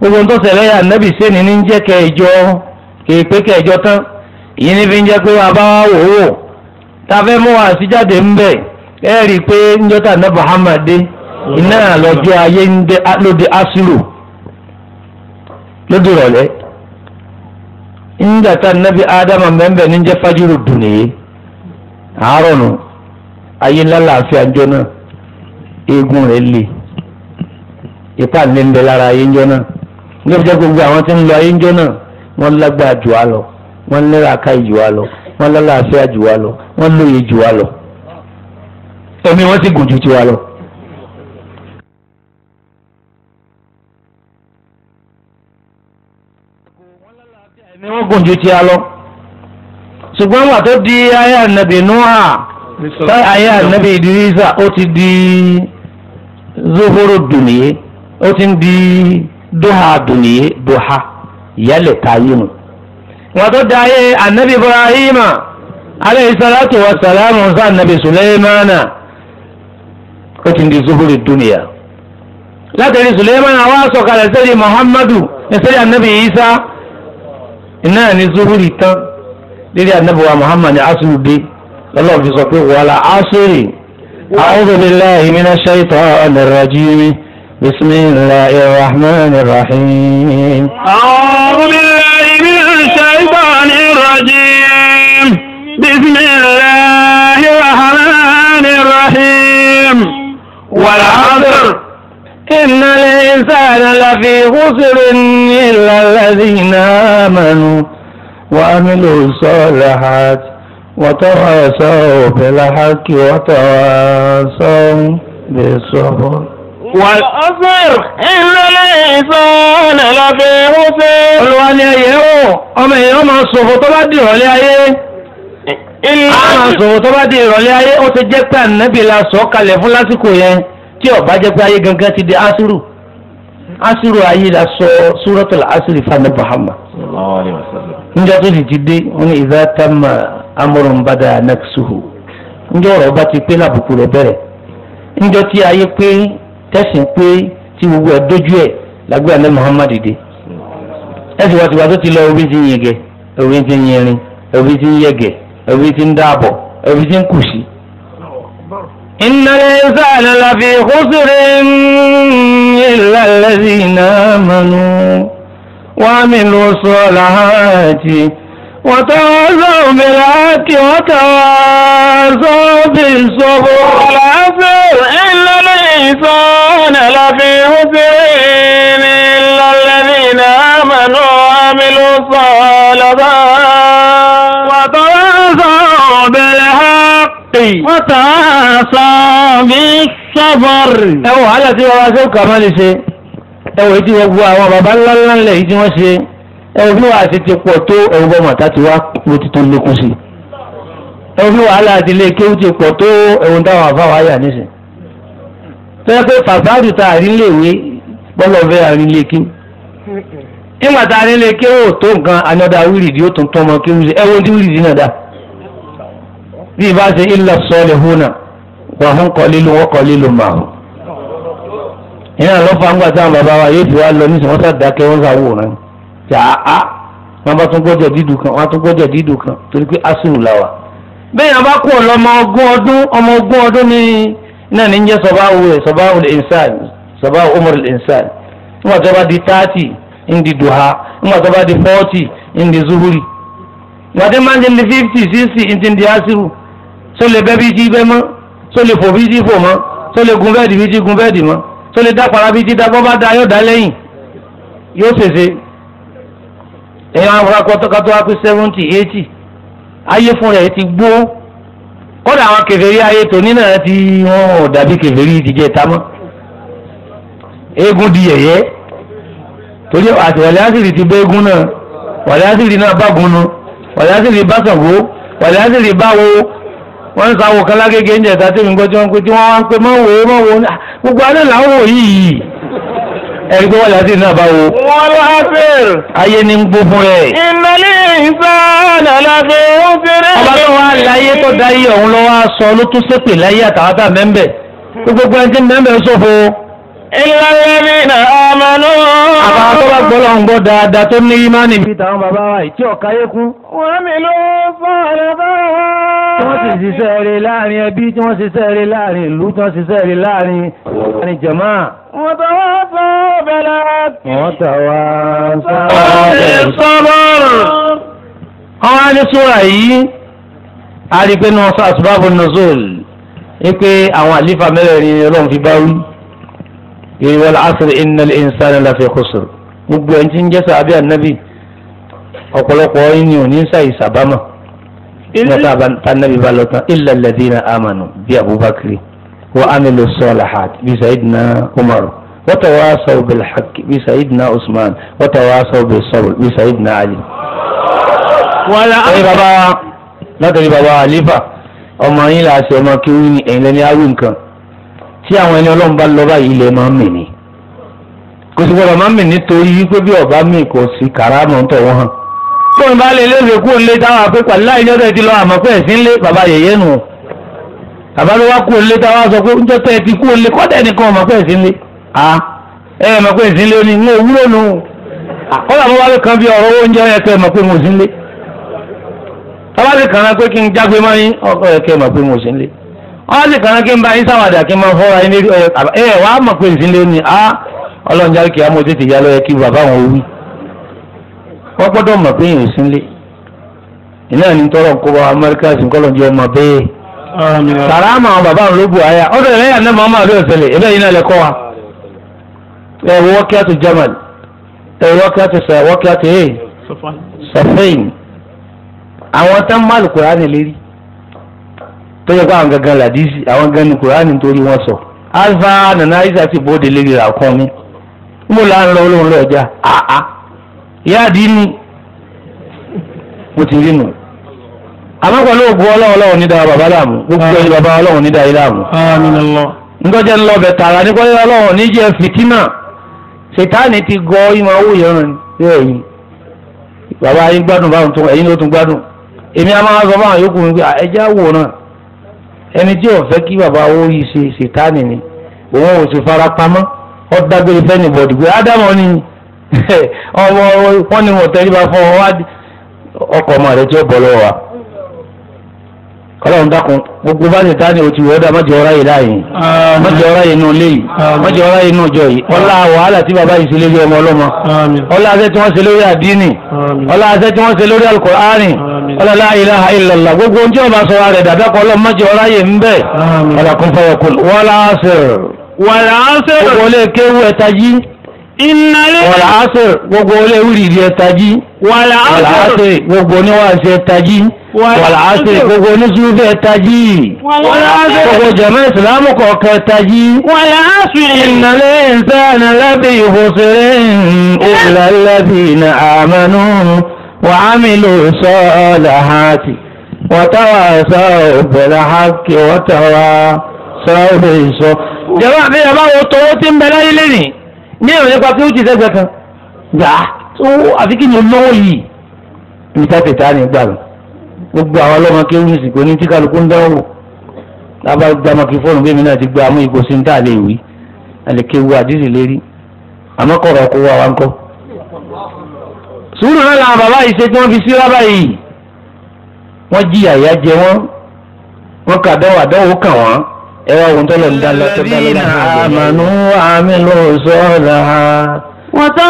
gbogbo tó ṣẹlẹ̀ ànàbì sẹ́ni ní jẹ́ kẹjọ kéèpé kẹjọ tán ìyẹn ní fi ń jẹ́ pé wàá bá wà wò wò tàfẹ́ mú wa àṣìjáde ń bẹ̀ ẹ rí i pé njọ́tà náà Muhammad dé iná lọ́jọ́ ayé lóde asilu lóde ìrọ̀lẹ́ nígbà tá Nabi Adam mẹ́mbẹ́ ní jẹ́ fájúrò dùn nìyí àárọ̀ nù ayé ńlá làáfíà ńjọ náà eegun rẹ̀ le ipa ńlẹ̀ ńbẹ lára ayé ńjọ náà ní ọjọ́ gbogbo àwọn tí ń lọ ayé ńjọ náà wọ́n lágbára jù wá lọ wọ́n lẹ́ra aka jù wá lọ wọ́n lálàáfíà jù wá lọ wọ́n lóye jù wá lọ ẹ̀mí wọn sì gùn ju tiwa lọ. ni wọ́n gùn ju ti a lọ ṣùgbọ́n wà tó di ayé ànábì nuha táyà ayé ànábì idirisa ó ti di zuhuru dùnìyé ó ti di duha dùnìyé duha ìyálẹ̀ táyé mu wà tó di ayé ànábì ibrahima aleyhi salatu wa salamu sa ànábì suleimana ó ti di zuhuru dùnìyà látàrí suleimana wá sọ̀kalẹ̀ sẹ́ni muhammadu ẹ̀sẹ̀ni ànábì isa. iná ní zuhuri tán lílé anábìwá muhammad asulubi lọ́lọ́run fi sọ pé wàlà asiri a'udhu billahi minash shaytanir rajim بسم الله الرحمن الرحيم أعوذ بالله من الشيطان الرجيم بسم الله الرحمن الرحيم والعصر إن الإنسان لفي خسر إلا الذين آمنوا وعملوا الصالحات وتواصوا بالحق وتواصوا بالصبر والأصر إن الإنسان لفي خسر الوالي أيه أما يوم الصبح تبدي ولي أيه ìlànà sọ̀rọ̀ tó bá di ìrọ̀lẹ́ ayé ó ti jẹ́ pé ànábì tí ọba bá jẹ́ pé ayé gangan ti di asiru asiru ayé la sọ suratul asiri fana bahama njẹ́ tó sì ti dé wọn ìdá tamma ti pé lábùkù rẹ̀ bẹ̀rẹ̀ njẹ́ tí ayé pé tẹ̀sìn pé tí gbogbo ẹ̀ dójú ẹ̀ lágbé muhammad dé tó ti lọ orí ti orí ti orí ti orí ti ń orí ti ń إن الإنسان لفي خسر إلا الذين آمنوا وعملوا الصالحات وتواصوا بالحق وتواصوا بالصبر والعفو إن الإنسان لفي خسر إلا الذين آمنوا وعملوا الصالحات wọ́n tà á sọ bí sọ́bọ̀rì. ẹ wọ wàhálà tí wọn wá sí òkà máa lè ṣe ẹ wọ ìdí gbogbo àwọn baba ńlá ńlá ńlẹ yìí tí wọn ṣe ẹ wọ bí wàá ṣe ti pọ̀ tó ẹwọ bọ màtá ti wá ló ti tó lékún sí ẹ wọ bí wàhálà àdìlé kéwù ti pọ̀ tó ẹwọ táwọn àfáwọn àyà nísìn. tẹ́lẹ̀ pé fàfáàdù ta àríléèwé bọ́lọ̀ fẹ́ àríléèkí ìgbà tá àríléèké ò tó nǹkan anọ́dá wíìrì bí ibà ṣe ilà sọ́ọ̀lì húnà wà hún kọ́lílù wọ́n kọ́lílù mà ó. ìyá àlọ́fà ń gbà táwọn bàbá wa yóò fi wá lọ nísìnyí wọ́n sàdákẹ́ wọ́n sàwòrán jà á wọ́n bá tún gbọ́dọ̀ dídùn kan wọ́n á tún gbọ́dọ̀ dídùn kan torí pé asinu la wà. bẹ́ẹ̀ yẹn bá kú ọ̀lọ́ ọmọ ogún ọdún ọmọ ogún ọdún ní iná ní jẹ́ sọ̀báwò rẹ̀ sọ̀báwò lè nsàn tó lè bẹ́ bí jí bẹ́ mọ́ tó lè fò bí jí fò mọ́ tó lè gun bẹ́ẹ̀dì bí jí gun bẹ́ẹ̀dì mọ́ tó lè dápara bí jí dábọ́ bá da yóò dá lẹ́yìn yóò fèsè èèyàn afurako tọkatọ wa pé seventy eighty ayé fún rẹ̀ ti gbó kódà àwọn kèfèrí ayé tòní náà ti wọn ò dàbí kèfèrí ìdíje ta mọ́ eégún di yẹ̀yẹ́ torí àti wàlẹ́ àsìrì ti bẹ́ eégún náà wàlẹ́ àsìrì náà bá gun nu wàlẹ́ àsìrì bá Ṣàngó wàlẹ́ àsìrì bá wo wọ́n ń sáwọ́ kan lágége ń jẹ̀dá tèmi gbọ́ tí wọ́n ń pè tí wọ́n wá ń pè mọ́ wò ó mọ́ wò ó ah, gbogbo alẹ́ là ń wò yìí ẹ̀rí pé wọ́n yàtí náà bá wo. wọ́n lábẹ́rẹ̀. ayé ni ń gbó fún ẹ. ìnáli ìsáàlà lábẹ́ ó fẹ́rẹ́. ọba tó wá láyé tó dáyé ọ̀hún lọ́wọ́ aṣọ ló tún ṣépè láyé àtàwọn tá gbogbo ẹni tí mẹ́ńbẹ̀ ń ṣòfò ìlàlẹ́mìnà àmàlú. àbá tó bá gbọ́lọ̀ ń gbọ́ dáadáa tó ní ìmánì bí tàwọn bàbá wa ìtí ọ̀ka yékú. wọ́n mi ló fọ́ọ̀rọ̀ bá wa. tí wọ́n sì ṣiṣẹ́ rẹ̀ láàrin ẹbí tí wọ́n ṣiṣẹ́ rẹ̀ láàrin ìlú tí wọ́n ṣiṣẹ́ rẹ̀ láàrin láàrin jàmá. wọ́n tà wá sọ bẹ̀rẹ̀. wọ́n tà wá sọ bẹ̀rẹ̀. sọ́bọ̀rù. ní sóra yìí a rí i pé يعني والعصر إن الإنسان لا في خسر مبو أنتين جسا أبي النبي أقول قوين ينسى سباما النبي بلوتا إلا الذين آمنوا بأبو بكر وعملوا الصالحات بسيدنا عمر وتواصوا بالحق بسيدنا عثمان وتواصوا بالصبر بسيدنا علي ولا أي بابا لا تري بابا أليفا أما إلى سيما كيوني إن لم يعوينكم tí àwọn ẹni ọlọ́run bá lọ báyìí ilẹ̀ máa ń mì ní kò sí gbọdọ̀ máa ń mì nítorí wípé bí ọba mi kò sí kàrámọ̀ tọ̀ wọ́n hàn. tóun bá lè léèrè kú òun lé táwọn àpépà láì ní ọ̀dọ̀ ti lọ àmọ́ pé ẹ̀sìn lé bàbá yẹ̀yẹ́ nù. bàbá ló wá kú òun sọ pé oúnjẹ ti kú òun kọ́dẹ̀ nìkan pé ẹ̀sìn lé. a ẹ mọ̀ pé ẹ̀sìn lé ó ń nù. kọ́dà wọ́n sì kàn kí n bá yín sáwàdà kí n máa fọ́ra yín ní wàá mọ̀ pé ni a ọlọ́njà kì á mọ̀ tètè yá lọ́yẹ kí bàbá wọn wí. wọ́n gbọ́dọ̀ mọ̀ pé ní tọrọ kó bá amẹ́ríkà sí kọ́ lọ́njọ́ ọmọ bẹ́ẹ̀. sàrà àmà àwọn bàbá wọn ló bu àyà náà máa máa náà wa. ẹ German ẹ tó yẹ pé àwọn gangan làdísì àwọn gangan ni kùránì torí wọn sọ alfa nana isa ti bóde lè ra ọkàn mi mo là ń lọ olóhùn lọ́jà àá yáàdì ni mo ti rí nu àmọ́ pẹ̀lú ògùn ọlọ́run ọlọ́run nídàá bàbá dààmú gbogbo ẹni bàbá ọlọ́run nídàá yìí dààmú. ńgọ́jẹ́ ń lọ bẹ̀ tààrà nípa ẹ̀rọ ọlọ́run níjẹ́ fìtínà ṣètánì ti gọ ìmọ̀ owó yẹn rẹ̀ ẹ̀yìn bàbá yín gbádùn báwọn tó ẹ̀yìn ló tún gbádùn èmi a máa sọ fáwọn yòókù mi pé ẹja wò ẹni tí o fẹ́ kí bàbá owó yìí ṣe ṣètánì ni òun ò sì fara pamọ́ ó dágbére fẹ́ni bọ̀dì pé ádámọ̀ ni ọmọ wọn ni wọn tẹríba fún ọ wá ọkọ ọmọ rẹ tí ó bọ̀ lọ́wọ́ wa kọlọ́run dákun gbogbo bá ṣètánì o ti wọ́n dá mọ́jọ ọ̀rá yìí láàyè mọ́jọ ọ̀rá yìí nù léyìí mọ́jọ ọ̀rá yìí nù jọ yìí ọlá wàhálà tí bàbá yìí ṣe lórí ọmọ ọlọ́mọ ọlá ọlọ́lá ilaha illallah gbogbo ohun tí ọba sọ rẹ̀ dàbí ọkọ̀ ọlọ́run mọ́jọ ọláyè ń bẹ̀ ọlọ́kùn fọyọkùn wọ́lá àṣẹr wọ́lá àṣẹr gbogbo olè kéwú ẹ̀ta jí ìnàlẹ́ wọ́lá àṣẹr gbogbo olè wíìrì ẹ̀ta jí wọ́lá àṣẹr gbogbo oníwàṣẹ ẹ̀ta jí wọ́lá àṣẹ gbogbo oníṣúfẹ́ ẹ̀ta jí gbogbo jẹ̀mọ́ ìsìlámù kọ̀ọ̀kan ẹ̀ta jí ìnàlẹ́ ìsàn lábẹ́ ìhòsèrè ìlàlábì ní àmàlù وعملوا الصالحات وتواصوا بالحق وتواصوا بالصبر jọba bí ẹ bá wo tọwọ́ tí ń bẹ láyé lẹ́nìí ní ìròyìn nípa pé ó jì sẹ́gbẹ̀ẹ́ kan gbà tó ni olówó yìí ibi tá tètè á ní gbà lọ gbogbo àwọn ọlọ́mọ kí ó ń sìnkú ní tí kálukú ń sùúrù náà làwọn bàbá yìí ṣe tí wọ́n fi sí rábà yìí wọ́n jìyà ìyà jẹ wọ́n wọ́n kà dánwò àdánwò kàn wọ́n ẹ wá ohun tó lọ ní dáná tó dáná lọ́nà àmàlú àmì ló sọ̀rọ̀ ha wọ́n tọ́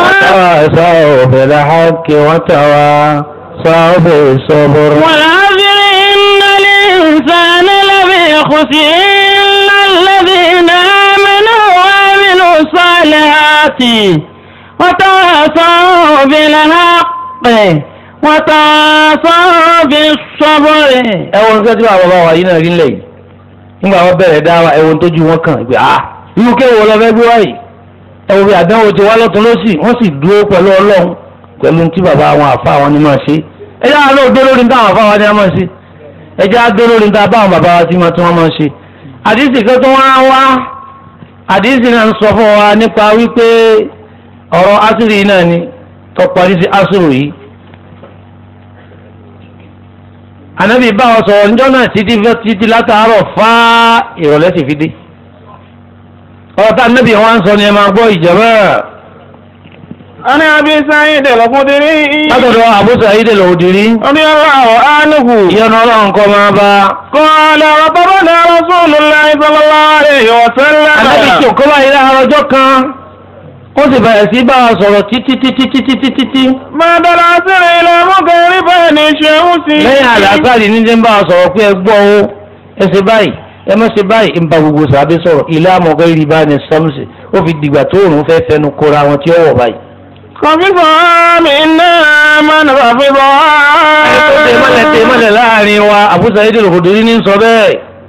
sọ̀rọ̀ bẹ̀rẹ̀ ha kí wọ́n tọ́ wa sọ̀rọ̀ bẹ̀rẹ̀ sọ̀rọ̀. wọ́n á bèrè iná lè sànà lẹ́bẹ̀ kùsì iná lẹ́bẹ̀ náà mẹ́nu wàá mẹ́nu sọ̀rọ̀ وتواصوا بالحق وتواصوا بالصبر ẹwọn nǹkan tí bàbá wa yìí náà rí lẹ́yìn nígbà wọn bẹ̀rẹ̀ dá wa ẹwọn tójú wọn kàn ah irú kéwòn lọ fẹ́ gbé wáyé ẹwọn bí àdánwò ti wá lọ́tún lọ́sì wọ́n sì dúró pẹ̀lú ọlọ́run pẹ̀lú tí bàbá àwọn àfa wọn ni máa ṣe ẹ jẹ́ àlọ́ òdó lórí ní táwọn àfa wọn ni wọ́n máa ṣe ẹ jẹ́ àdó wa ti máa tí kan tó wá wá àdìsí náà ń sọ fún wa nípa wípé ọ̀rọ̀ asiri yìí náà ni tọparí sí asiri yìí anabi bá wọn sọ̀rọ̀ níjọ́ náà títí títí látàárọ̀ fá ìrọ̀lẹ́ sì fi dé ọ̀rọ̀ tá anabi wọn ń sọ ni ẹ máa gbọ́ ìjọba. أنا أبي سعيد الخدري أدرى أبو سعيد الخدري رضي الله kan. ó sì bẹ̀rẹ̀ sí bá wa sọ̀rọ̀ títí títí títí títí tí. máa dára ilẹ̀ mọ́kànlélẹ́ bẹ́ẹ̀ ni ṣe ń sí. lẹ́yìn àlàáfàlì ní ti ń bá wa sọ̀rọ̀ pé ẹ gbọ́ o ẹ ṣe báyìí ẹ má ṣe báyìí ń ba gbogbo sàbẹ̀ sọ̀rọ̀ ilé amọ̀gá ìrì bá ní sọ́mùsì ó fi dìgbà tó òun fẹ́ fẹnu kóra wọn tí ó wọ̀ báyìí. kọ̀fífọ̀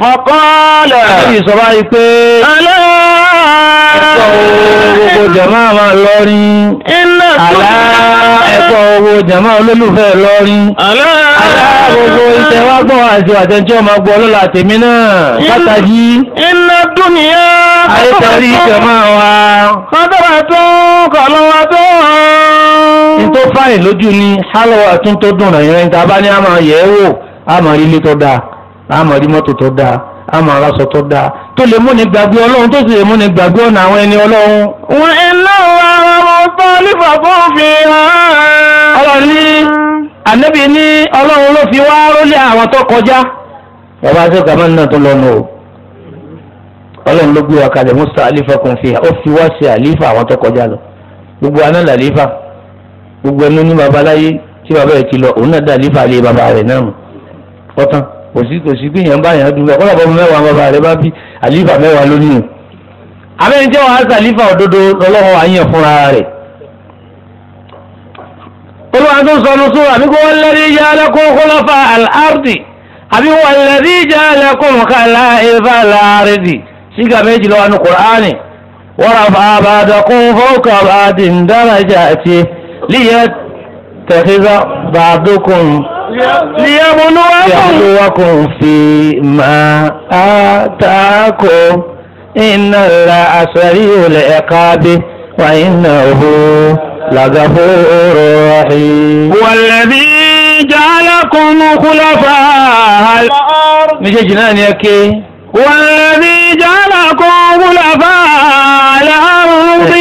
fọkọ́lẹ̀. ẹ̀yìn sọ́ba yìí pé. alẹ́. ẹ̀kọ́ gbogbo jẹ̀mọ́ àmà lọ́rin. iná tó. àlá ẹ̀kọ́ owó jẹ̀mọ́ olólùfẹ́ lọ́rin. alẹ́. alá gbogbo ìtẹ̀wágbọ̀n àti àtẹ̀jọ́ máa gbọ́ lọ́la tèmi náà. pàtàkì. iná dúnìyà. ayé tẹ̀lé jẹ̀mọ́ wa. kọ́dọ̀rọ̀ tó kọ̀lọ́wọ́ tó. ìtò fáyìn lójú ni hálọ̀ àtúntò dùn rẹ̀ yẹn tá a bá ní àmọ̀ yẹ̀ wò àmọ̀ ilé tó dáa àmọ̀ rí mọ́tò tó dáa àmọ̀ aráṣọ tó dáa tó lè múni gbàgbé ọlọ́run tó sì lè múni gbàgbé ọ̀nà àwọn ẹni ọlọ́run. wọn iná wa ọmọ tó nípa fún fi hàn. ọlọ́run ní ànábì ní ọlọ́run ló fi wá rólé àwọn tó kọjá. bàbá aṣọ gàmọ́ náà tó lọ́nu o ọlọ́run ló gbé wa kalẹ̀ musa alifa kan fi hàn ó fi wá ṣe àlífà àwọn tó kọjá lọ gbogbo aná làlífà gbogbo ẹni ní babaláyé tí bàbá yẹn ti lọ òun náà dà àlífà lé bàbá rẹ̀ náà mọ̀ ọ̀tán. kò sí kò sí gbìyànjú báyàn dùn kọ́lá bọ́ọ̀mù mẹ́wàá bàbá rẹ bá bí àlífà mẹ́wàá lónìí o abẹ́ni jẹ́ wàá sàlífà òdodo lọ́lọ́wọ́ àyàn fúnra rẹ̀ olùwà tó sọnù sóra àbí kò wọ́n lẹ́rí yá lẹ́kọ́ kọ́lọ́fà àlárìdì àbí wọ́n lẹ́rí yá lẹ́kọ́ ẹ̀fà méjì lọ́wọ́ ní kùránì wọ́n fọ́ọ̀kà liyabluwakum fi ma ataakum inna Allaha sari'ul iqabi wa innahu لغفور رحيم والذي جعلكم خلفاء الأرض مش جنان يكي والذي جعلكم خلفاء الأرض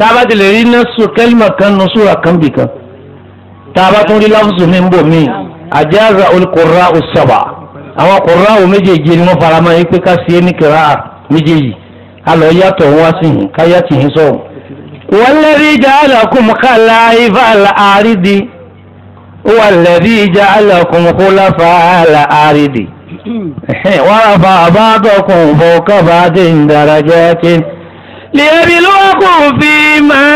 تابعت لرينا كلمة كان نصورة كم بكم tába tún rí láfùsù mi ń bò mí àjáza olùkọ́ra òṣàbà àwọn kọ́ra ò méjèèjì ni wọ́n fara máa ń pé ká sí é ní kẹrà méjèèjì alọ yàtọ̀ wọn sì yìn káyà tì yín sọ̀rọ̀. wọ́n ìjà àlàkùn kàlà ifá àrídì wọ́n lẹ́rí ìjà àlàkùn kólàfà àrídì. wọ́n àbádọ́kùn fọ́kàbádé ń darajẹ́ ليبلوكم فيما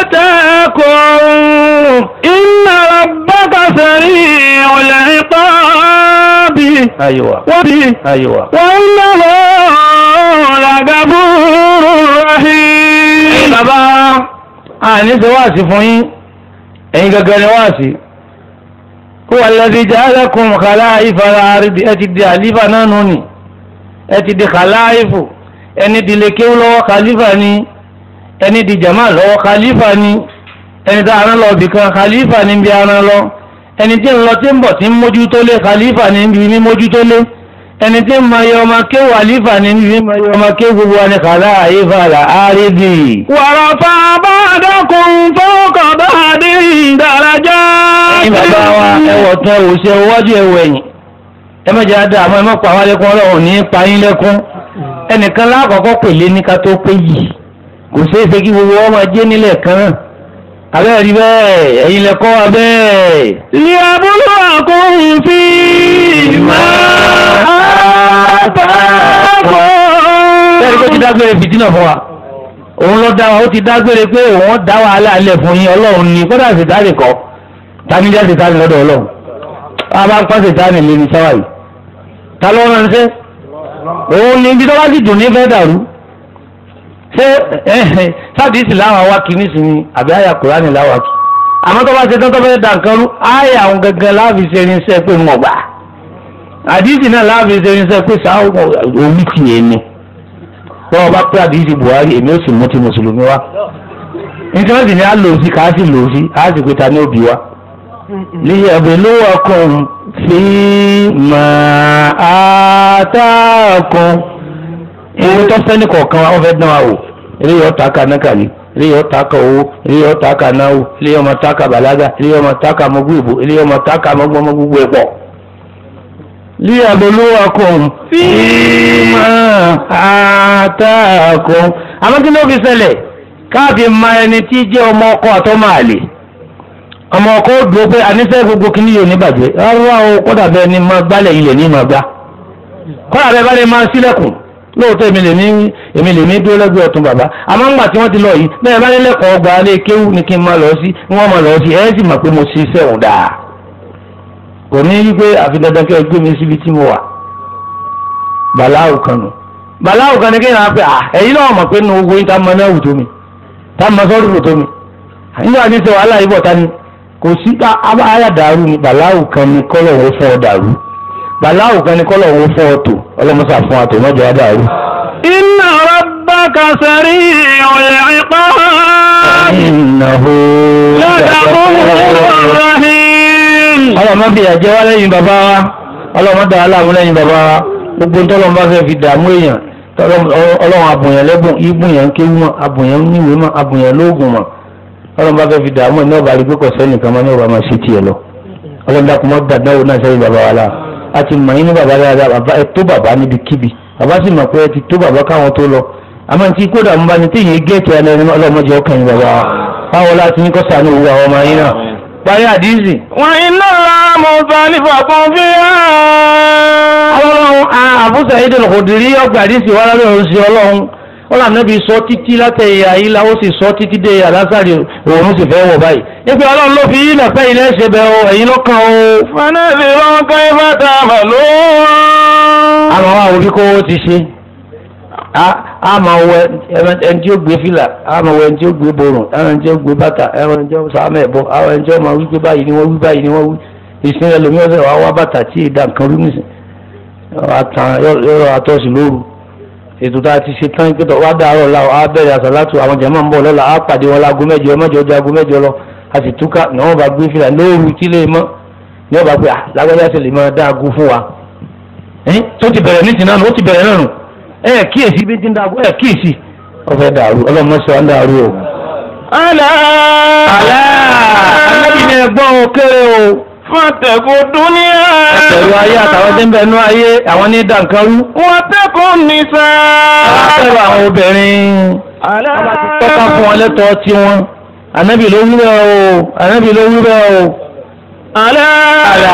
آتاكم إن ربك سريع العقاب أيوة وبي أيوة الله لغفور رحيم أي بابا أنا سواسي فوين أي غغاني واسي هو الذي جعلكم خلائف الأرض أتدي أليفا نانوني أتدي خلائف ẹni di lekewu lọ́wọ́ khalifa ni ẹni di jama lọ́wọ́ khalifa ni ẹni tá aran lọ bìkan khalifa ni bí aran lọ ẹni tí ń lọ tí ń bọ̀ tí ń mójútó lé khalifa ni bí mi mójútó lé ẹni tí ń ma yọ ọmọ kéwù khalifa ni bí mi ma yọ ọmọ kéwù gbogbo wa ni kàlá àyífà là árédì. wàrà fa bàdàkùn fọkàn bá dé ìdàrájà. ẹ̀yin bàbá wa ẹwọ̀ tán òṣèwọ́jú ẹ̀wọ̀ ẹ̀yìn ẹ mẹ́jẹ̀ á dá ẹ mọ̀ pa wálé kún ní í pa yín lẹ́kún ẹnìkan lákọ̀ọ́kọ́ pèlé ní ká tó pé yìí kò ṣeé ṣe kí gbogbo ọmọ jẹ́ nílẹ̀ kan náà abẹ́ rí bẹ́ẹ̀ ẹ̀yin lẹ kọ́ wa bẹ́ẹ̀. lè abúlé àkóhùn fi ìmọ̀ àbákọ́. bẹ́ẹ̀ ló ti dágbére fìtínà fún wa òun ló dá wa ó ti dágbére pé òun dá wàhálà alẹ́ fún yín ọlọ́run ni kódà ṣètánì kọ́ tani jẹ́ ṣètánì lọ́dọ̀ ọlọ́run. a bá ń pa ṣètánì lé ní sáwà yìí ta ló rán ṣe òun ni ibi tó bá sì dùn ní fẹ́ dàrú ṣé sábìsì láwọn awakì nísìnyí àbí àyà kùránì láwọn awakì àmọ́ tó bá ṣe tán tó fẹ́ dà nǹkan rú àyà òun gangan láàfin ṣe irinṣẹ́ pé ń ọ̀gbà àdìsí náà láàfin ṣe irinṣẹ́ pé sáà òun tiẹ̀ ni tọ́wọ́ bá pé àdìsí Buhari èmi ò sì mú ti mùsùlùmí wa nítorí sì ni a lò sí ká sì lò sí a sì pé ta ní òbí wa. ní ẹ̀bùn ló wà ọ̀hún fíìmà àtàkùn. owó tó sẹ́ni kọ̀ọ̀kan wa wọ́n fẹ́ dán wa wò eré yọ̀ ta ka nákàlí eré yọ̀ ta ka owó eré yọ̀ ta ka náwó eré yọ̀ ma ta ka bàlágà eré yọ̀ ma ta ka mọ́gbó ìbò eré yọ̀ ma ta ka mọ́gbó ọmọ gbogbo ẹ̀ pọ̀. líyàbẹ̀lúwàkùn fíìmà àtàkùn. àmọ́ kí ló fi ṣẹlẹ̀ káàfin ma ẹni tí jẹ́ ọmọ ọkọ àtọ́mọ àlè ọmọ ọkọ dúró pé anífẹ́ gbogbo kí ni yóò ní bàjẹ́ rárá o kọ́dà bẹ́ẹ̀ ni máa gbálẹ̀ ilẹ̀ ní máa gbá kọ́dà bẹ́ẹ̀ bá lè máa sílẹ̀kùn lóòótọ́ èmi lèmi èmi lèmi dúró lẹ́gbẹ̀ẹ́ ọ̀tún bàbá àmọ́ ńgbà tí wọ́n ti lọ yìí bẹ́ẹ̀ bá lẹ́lẹ́kọ̀ọ́ gba alẹ́ kéwù ni kí n máa lọ sí ni wọ́n máa lọ sí ẹ̀ sì mọ̀ pé mo ṣe iṣẹ́ òun dáa kò ní í pé àfi dandan kí ẹ gbé mi síbi tí mo wà bàláwù kan nù bàláwù kan ní kí n máa pè à ẹ̀yin náà mọ̀ pé nu owó yín tá a mọ náà wù tó mi tá a mọ sọ́ọ́rù tó mi nígbà tí ń ṣe wàhálà yìí bọ̀ ta kò sí ká abáyà dàrú ni bàláwù kan ni kọ́lọ̀ wọ́n fọ́ ọ dàrú bàláwù kan ni kọ́lọ̀ wọ́n fọ́ ọ tò ọlọ́mọsà fún àtò mọ́jọ́ dàrú. inna rabbaka sari'ul iqab. innahu ghafurur rahim. ọlọ́mọ bíi ẹ̀jẹ̀ wá lẹ́yìn bàbá wa ọlọ́mọ dàrá làwọn bàbá wa gbogbo ntọ́lọ́mọ bá fẹ́ fi dààmú èèyàn ọlọ́run abùnyàn lẹ́bùn ibùnyàn kéwù mọ́ abùnyàn níwèé lóògùn mọ́ ọlọ́run bá fẹ́ fi dààmú ẹ̀ náà bá rí pé kò sẹ́yìn nìkan máa ní ọba máa ṣe tiẹ̀ lọ ọlọ́run dákun mọ́ gbàdánwò náà sẹ́yìn bàbá wa la a ti mọ̀ yín ní bàbá dáadáa bàbá ẹ tó bàbá níbi kíbi bàbá sì mọ̀ pé ẹ ti tó bàbá káwọn tó lọ àmọ́ tí kódà ń bá ní tí yìí gé tiẹ̀ lẹ́nu ọlọ́mọdé ọkàn yín bàbá báwo la ti ní kó sànú òwú àwọn ọmọ yín náà parí àdízì. wọ́n wọ́n lànà bí sọ títí látẹ̀yẹ àyílá ó sì sọ títí dé àlásàrì òun sì fẹ́ wọ̀ báyìí. ibi ọlọ́run ló fi yín nàfẹ́ ilé ṣe bẹ̀ o ẹ̀yin lọ́kàn o. fanẹ́sì lọ́n ká ifá ta àmà ló wọ́n. àmọ́ wa òbí kó o ti ṣe àmọ́ wẹ ẹni tí ó gbé fìlà àmọ́ wẹ ẹni tí ó gbé borùn ẹni tí ó gbé bàtà ẹni tí ó sàmà ẹ̀bọ ẹni tí ó máa wí pé báyìí ni wọ́n wí báyìí ni wọ́n wí ìsìn ẹlòmíràn wá wá bàtà tí ì ètò tá a ti ṣe tán pé wá dàárọ̀ la á bẹ̀rẹ̀ àsàlátù àwọn jàmáà ń bọ̀ lọ́la á pàdé wọn láago mẹ́jọ mẹ́jọ ọjọ́ aago mẹ́jọ lọ a sì túká ní wọn bá gbé fìlà lóòrù tí lè mọ́ ní wọn bá pé lágbájá sì lè mọ́ dáago fún wa tó ti bẹ̀rẹ̀ nísìnyí náà ó ti bẹ̀rẹ̀ náà nù ẹ kíyèsí bí ti ń dáago ẹ kíyèsí ọfẹ dàrú ọlọmọṣẹ dàrú o. alá alá alábìnrin wọ́n tẹ̀kùn dúníà. ẹ̀tẹ̀rù ayé àtàwọn tí ń bẹ nú ayé àwọn ní dànkánrú. wọ́n tẹ̀kùn nìṣá. alábẹ̀rù àwọn obìnrin. alábàtí tọ́ka fún wọn lẹ́tọ̀ọ́ tiwọn. ànábì ló wúrẹ́ o ànábì ló wúrẹ́ o. alẹ́. àlà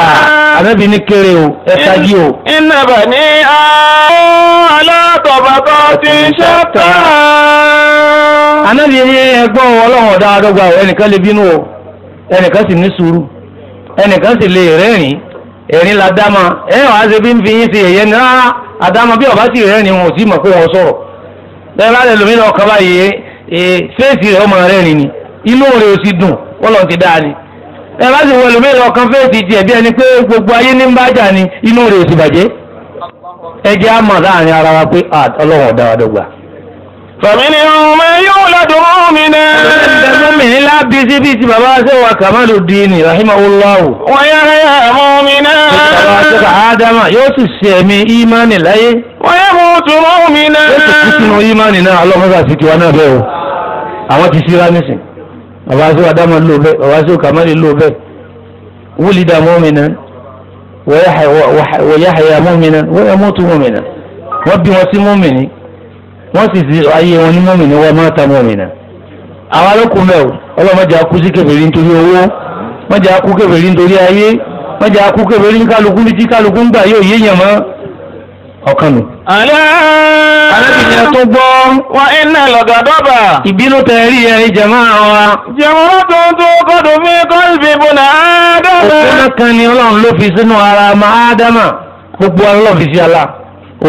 ànábì ní kéré o ẹ tají o. ìnàbà ní àwọn alátọ̀bàtọ̀ ti ṣẹ́ta. ànábì ní ẹgbọ́n ọlọ́run ọ̀dà àdọ́gba ẹnìkan lè bínú ẹnìkan sì ní sùúrù ẹnìkan sì lè rẹ́rìn ẹ̀rín la dáma ẹ wàá ṣe bí ń fi yín ṣe èyẹ ní rárá àdámọ̀ bí ọba sì rẹ́rìn wọn ò sí mọ̀ pé wọ́n sọ̀rọ̀ bẹ́ẹ̀ bá lè lómi náà kaba yìí fèsì rẹ̀ ọmọ rẹ́rìn ni inú rẹ̀ ò sì dùn wọ́n lọ́n ti dáa ni bẹ́ẹ̀ bá sì wọ lómi náà kan fèsì tiẹ̀ bí ẹni pé gbogbo ayé ní ń ni inú rẹ̀ ò sì bàjẹ́ ẹ jẹ́ àmọ̀ láàrin ara wa pé ah, ọlọ́run ọ̀dà wa dọ́gba fàmílì ọmọ yóò lọ́dún mọ́mìnà. mọ́mìnà ńlá bísí bísí bàbá ṣe wà kàmáàlú díìnì rahimahullahu. wọ́n yára yà mọ́mìnà. bàbá ṣe kà ádámà yóò sì ṣe ẹ̀mí ìmánì láyé. wọ́n yẹ mú tu mọ́mìnà. yóò sì kú sínú ìmánì náà ọlọ́mọdé àti tiwa náà bẹ́ẹ̀ o. àwọn ti ṣíra nísìn. bàbá ṣe ádámà ló bẹ́ẹ̀ bàbá ṣe kàmáàlú ló bẹ́ẹ̀. wúlídà mọ́mìnà wọ́n yára yà mọ́mìnà wọ́n yẹ mú tu mọ́mìnà wọ́n bí wọn sí mọ́mìnì wọ́n sì ti ayé wọn ní mọ́mìnì wọ́n máa ta mọ́mìnà. àwọn alókùn mẹ́ o ọlọ́mọdé akú sí kèfèrí nítorí owó mọ́jà akú kèfèrí nítorí ayé mọ́jà akú kèfèrí ní kálukú ní tí kálukú ń gbà yóò yéèyàn mọ́ ọ̀kan nù. àlẹ́ gbọ́. lọ́gà dọ́bà. wa. jẹ̀mọ́ tuntun kọ́dọ̀ fi kọ́ òkúná kan ni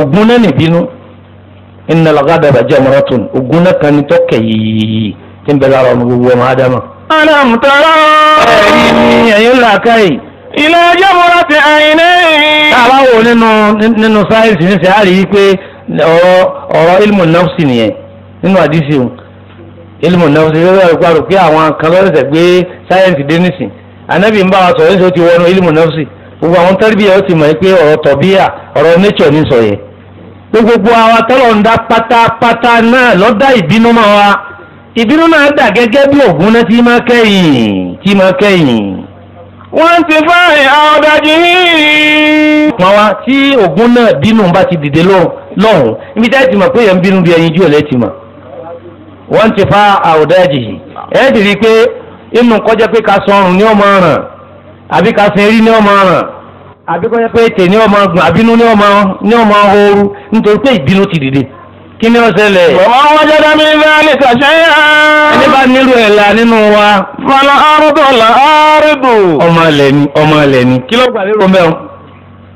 ọlọ́run ló innal ghadaba jamratun ogun náà kan ní tọ́kẹ̀ yìí tí ń bẹ lára ọmọ gbogbo ọmọ ádámà. alam tara. ẹyin ẹyin làákà yìí. ila jamrati aynayn. táwa wò nínú nínú sáyẹ́nsì ní sẹ́yà rí i pé ọ̀rọ̀ ọ̀rọ̀ ilmu nafsi nìyẹn nínú àdìsí o ilmu nafsi lọ́wọ́ ẹ̀rọ gbàdúrà pé àwọn kan lọ́sẹ̀ gbé sáyẹ́nsì dé nísìn anabi ń bá wa sọ̀rọ̀ ti wọnú ilmu nafsi gbogbo àwọn tẹ́lifíyà ó ti mọ̀ pé ọ̀rọ̀ tọ̀bíyà ọ̀rọ̀ nature ní sọ yẹn gbogbo àwa tọ́lọ̀ ń dá pátápátá náà lọ́dá ìbínú mọ́ wa ìbínú náà dà gẹ́gẹ́ bí ògùn náà tí máa kẹ́yìn tí máa kẹ́yìn. wọ́n ti fẹ́ àwọn ọ̀dájú yìí. wọ́n wá tí ògùn náà bínú bá ti dìde lọ́hùn níbi tí ẹ ti mọ̀ pé èèyàn ń bínú bí ẹyin jù ẹ̀ lẹ́tì mọ̀. wọ́n ti fa àwọn ọ̀dájú yìí. ẹ ti rí i pé inú kọjá pé ká sọrùn ní ọmọ ràn àbí ká sin ní ọmọ ràn àbíkọ́ yẹ pé tè ní ọmọ ọgbọ̀n àbínú ní ọmọ ní ọmọ ooru nítorí pé ìbínú ti dìde kí ni ó ṣẹlẹ̀. wọ́n wọ́n jẹ́ dábí bẹ́ẹ̀lì kàṣẹ́ yá. ẹni bá nílò ẹ̀ la nínú wa. fọlá arúgbó la arúgbó. ọmọ ilẹ̀ ni ọmọ ilẹ̀ ni kí ló gbà lérò mẹ́wọ̀n.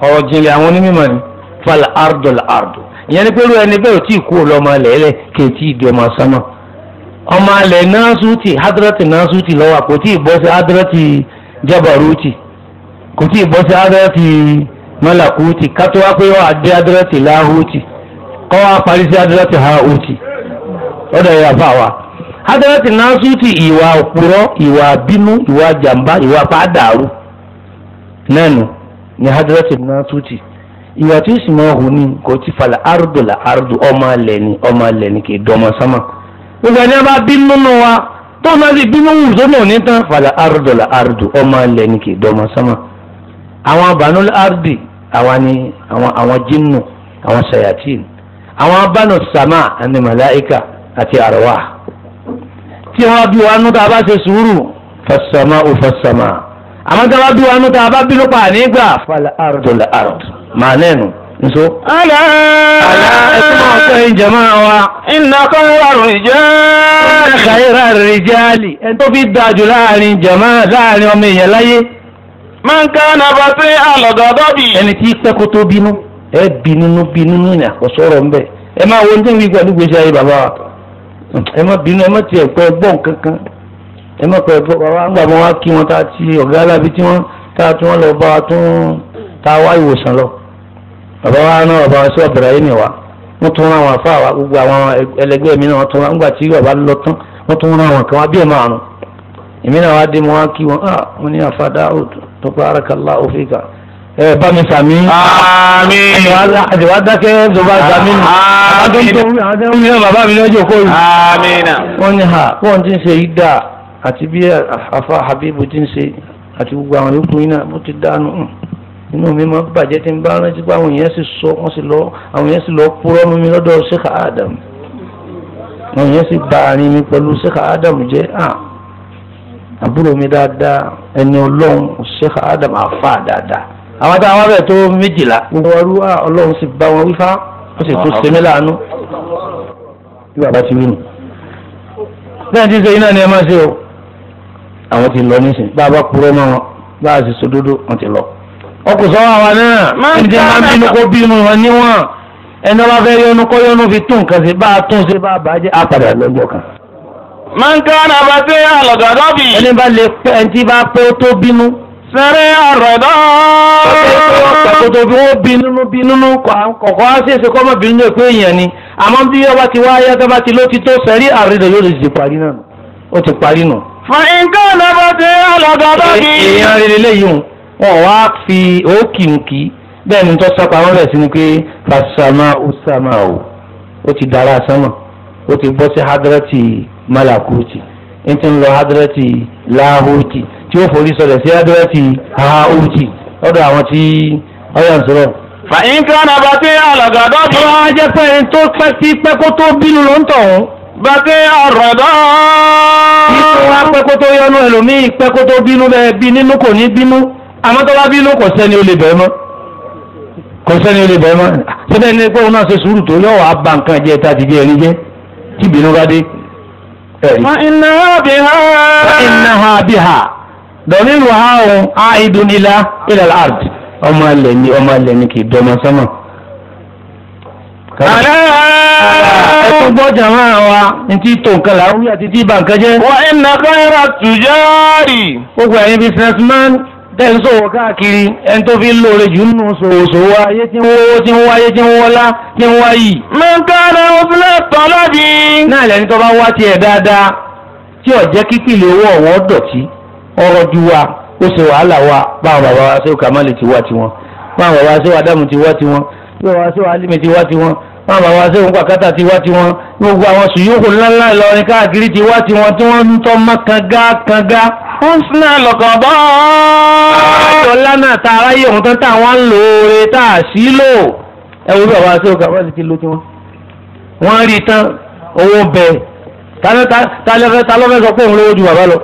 ọ̀rọ̀ jinlẹ̀ àwọn onímọ̀ ni fọlá arúgbó la arúgbó. ìyẹn ni pé irú ẹni bẹ́ẹ̀ ò tí ì kú ọlọ́mọ ilẹ̀ ẹlẹ́ kẹ̀tì ìdí ọmọ sánmà. ọmọ ilẹ̀ náà sùtì hadrati náà sùtì lọ́wọ́ àpótí ìbọ́sẹ̀ kò tí ì bọ́ sí adírẹ́tì mọ́làkúùtì ká tó wá pé wọ́n á dé adírẹ́tì láhùtì kọ́ wá parí sí adírẹ́tì háhùtì ọ̀dọ̀ yẹn àfa wa adírẹ́tì náṣútì ìwà òpùrọ̀ ìwà bínú ìwà jàmbá ìwà pàdàrú nẹ́nu ni adírẹ́tì náṣútì ìwà tí sì máa hù ní kò tí falẹ̀ ardu la ardu ọmọ alẹ̀ ni ọmọ alẹ̀ ni kì í dọ́mọ sánmà gbogbo ẹni bá bínú nù wa tó náà sì bínú wù tó náà ní tán falẹ̀ ardu la ardu ọmọ alẹ̀ ni kì í dọ́mọ sánmà àwọn banul ardi àwọn ni àwọn àwọn jinnu àwọn sayatin àwọn banu sama ẹni malaika àti arwa tí wọn bí wọn nú tá a bá ṣe sùúrù fasama ò fasama àmọ́ tí bí wọn nú tá bínú pa nígbà fal ardu la ard màá nẹ́nu nso. ala ala ẹsẹ̀ máa sọ yín jama wa. iná kan wà rìjálì. iná kan wà rìjálì. ẹni tó fi dájú láàrin jama láàrin ọmọ èèyàn láyé máa ń ká nàbà sí àlọ́gọ́dọ́ bì. ẹni tí pẹ́ kó tó bínú ẹ bí nínú bí nínú ní àkọsọ́rọ̀ ń bẹ̀ ẹ máa wo ní wí pẹ̀lú gbèsè ayé bàbá wa ẹ má bínú ẹ má tiẹ̀ pẹ́ gbọ́n kankan ẹ má pẹ́ gbọ́n bàbá àgbà wọn wá kí wọn tá a ti ọ̀gá alábi tí wọ́n tá a tún wọn lọ bá a tún tá a wá ìwòsàn lọ bàbá wa náà bàbá wa sí ọ̀bẹ̀rẹ̀ ayé nìwà wọ́n tún ra àwọn àfa àwa gbogbo àwọn ẹlẹgbẹ́ mi náà wọ́n tún ra ńgbà tí bàbá lọ tán wọ́n tún ra àwọn kan wá bí ẹ̀ máa rùn èmi náà wá dé mo wá kí wọn ah mo ní àfàdá tabarakallahu fika ẹ bá mi sàmí. àmín. àti wá dákẹ́ tó bá sàmí nù. àmín. àwọn mi náà bàbá mi náà jòkó yìí. àmín. wọ́n ní ha wọ́n ti ń ṣe yìí dáa àti bí àfa habibu ti ń ṣe àti gbogbo àwọn yòókù yìí náà mo ti dánú inú mi máa bàjẹ́ tí n bá rántí pé àwọn èèyàn sì sọ wọ́n sì lọ àwọn èèyàn sì lọ purọ́ mú mi lọ́dọ̀ Sheikh Adam àwọn èèyàn sì bá àárín mi pẹ̀lú Sheikh Adam jẹ́ ah àbúrò mi dáadáa ẹni ọlọ́run Sheikh Adam afa dáadáa àwọn táwọn abẹ tó méjìlá gbogbo wa rúwà ah, ọlọ́run sì bá wọn wífá ó sì tún ṣe mí láàánú bí bàbá ti wí nù bẹ́ẹ̀ ti ṣe iná ni ẹ máa ṣe o àwọn ti lọ nísìnyí bá a bá purọ́ mọ́ wọn bá a sì sódódó wọn ti lọ ọkùn sọ àwọn náà ẹnìtẹ́ máa ń bínú kó bínú wọn níwọ̀n ẹni wọn bá fẹ́ yọnu kó yọnu fi tún nǹkan ṣe bá a tún ṣe bá a bàjẹ́ àpàdé lọ́jọ́ mankana bàtẹ alọgàdọbì. ẹni bá lè pẹ́ ẹni tí bá pẹ́ ó tó bínú. sẹ́rẹ́ àrọ̀dọ́. ọ̀pẹ̀ tó fi wọ́n bínú bínú kọ̀kọ́ á ṣèṣe kọ́ mọ̀ bínú pé èèyàn ni àmọ́ bí ọba ti wá ayé tó bá ti ló ti tó sẹ́rí àrídọ̀ yóò lè ṣe parí náà ó ti parí nù. fàyínkáná bàtẹ alọgàdọbì. èèyàn rere léyìn wọn wá fi òkìǹkì bẹ́ẹ̀ ni tó sápá wọn bẹ̀ sí ni pé fàṣàmà ó sàmà ó ti dára sánmà ó ti bọ́ sí hadrati malakuti n lọ adirẹ́tì lahuti tí ó forí sọlẹ̀ sí adirẹ́tì hahuti lọ́dọ̀ àwọn tí ọyàn sọ̀rọ̀. fàyín kí wọn bá pé àlàgàdo bí wọn jẹ pé n tó pẹ́ sí pẹ́ kó tó bínú ló ń tọ̀ ọ́n. bá pé ọ̀rọ̀dọ́. kí wọn pẹ́ kó tó yọnu ẹlòmíì pẹ́ kó tó bínú bẹ́ẹ̀ bí nínú kò ní bínú àmọ́ tó bá bínú kò sẹ́ni ó lè bẹ̀ẹ́ mọ́ kò sẹ́ni ó lè bẹ̀ẹ́ mọ́ sẹ́ni ẹni pé òun náà ṣe sùúrù tó yọ̀ wá ba nǹkan jẹ́ tá ti jẹ́ ẹni jẹ́ tí bínú bá dé. فإنها بها دليل وهاو عائد إلى إلى الأرض أما اللي أما اللي كي دوما سما ẹkún gbọ́jà máa wa ní tí tó nǹkan làwọn wíwà títí bá nǹkan jẹ́. wọ́n ẹ̀ nà káyọ̀rọ̀ tùjárì. gbogbo ẹ̀yin businessman tẹ́ ń sòwò káàkiri ẹni tó fi ń lóore jù nù sòwòsòwò ayé tí ń wọ́wọ́ tí ń wáyé tí ń wọ́lá tí ń wáyì. mo ń ká ara wọn fúnlẹ̀ tọ́ lọ́dí. náà lẹni tó bá wá tiẹ̀ dáadáa tí ò kíkìlì owó ọ̀wọ́ dọ̀tí ọrọ̀ ju wa ó ṣe wàhálà wa báwọn bàbá wa ṣé kàmáàlì ti wá tiwọn báwọn bàbá wa ṣé adamu ti wá tiwọn báwọn bàbá wa ṣé wàhálìmì ti wá tiwọn wọn bàbá wa sẹ́wọ̀n pàkátà ti wá tiwọn gbogbo àwọn sùyókò ńláńlá Ìlọrin káàkiri ti wá tiwọn tí wọ́n ń tọ́ mọ́ kanga kanga. wọ́n sì náà lọ́kàn bọ́. àjọ lánà tá a ráyè òun tán táwọn ń lò óore tá a sí lò. ẹ wo bí bàbá wa sẹ́wọ̀n kàwé ti lo tiwọn. wọ́n rí i tán owó bẹ̀ ta ló fẹ́ sọ pé òun lówó ju bàbá lọ.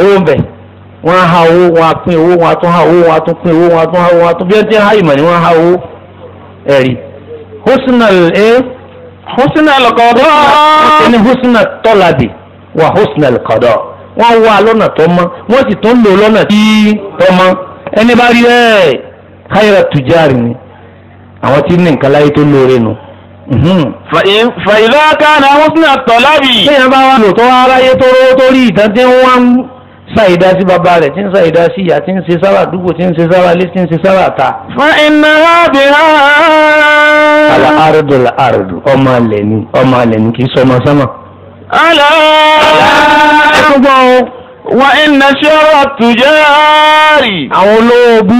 owó bẹ̀ wọ́n á ha owó wọ́n á pín owó wọ́n á tún ha owó wọ́n á tún pín owó wọ́n á tún ha owó wọ́n á tún bí wọ́n ti ha ìmọ̀ ni wọ́n á ha owó ẹ̀rí husnal e husnal qada wọ́n ah! ní husnal tọ́làbì wà husnal qada wọ́n wá lọ́nà tó mọ́ wọ́n sì tún lò lọ́nà tí tó mọ́ ẹni bá rí ẹ̀ káyọ̀rọ̀ tùjáàrì ni àwọn tí ní nǹkan láyé tó lóore nu. fàyìlá kan náà husnal tọ́làbì. bẹ́ẹ̀ bá wà lò tó wá tó rí ìtàn tí ṣàìdá sí bàbá rẹ̀ tí ń ṣàìdá sí ìyá tí ń ṣe sára àdúgbò tí ń ṣe sára ilé tí ń ṣe sára ta. fún iná bí ha. àlà àrùdù là àrùdù ọmọ alẹ̀ ni ọmọ alẹ̀ ni kì í sọ ọmọ sánmà. àlọ́ ẹ̀kúngbọ̀n wa iná ṣọ́rọ̀ tùjẹ́rì. àwọn olówó bú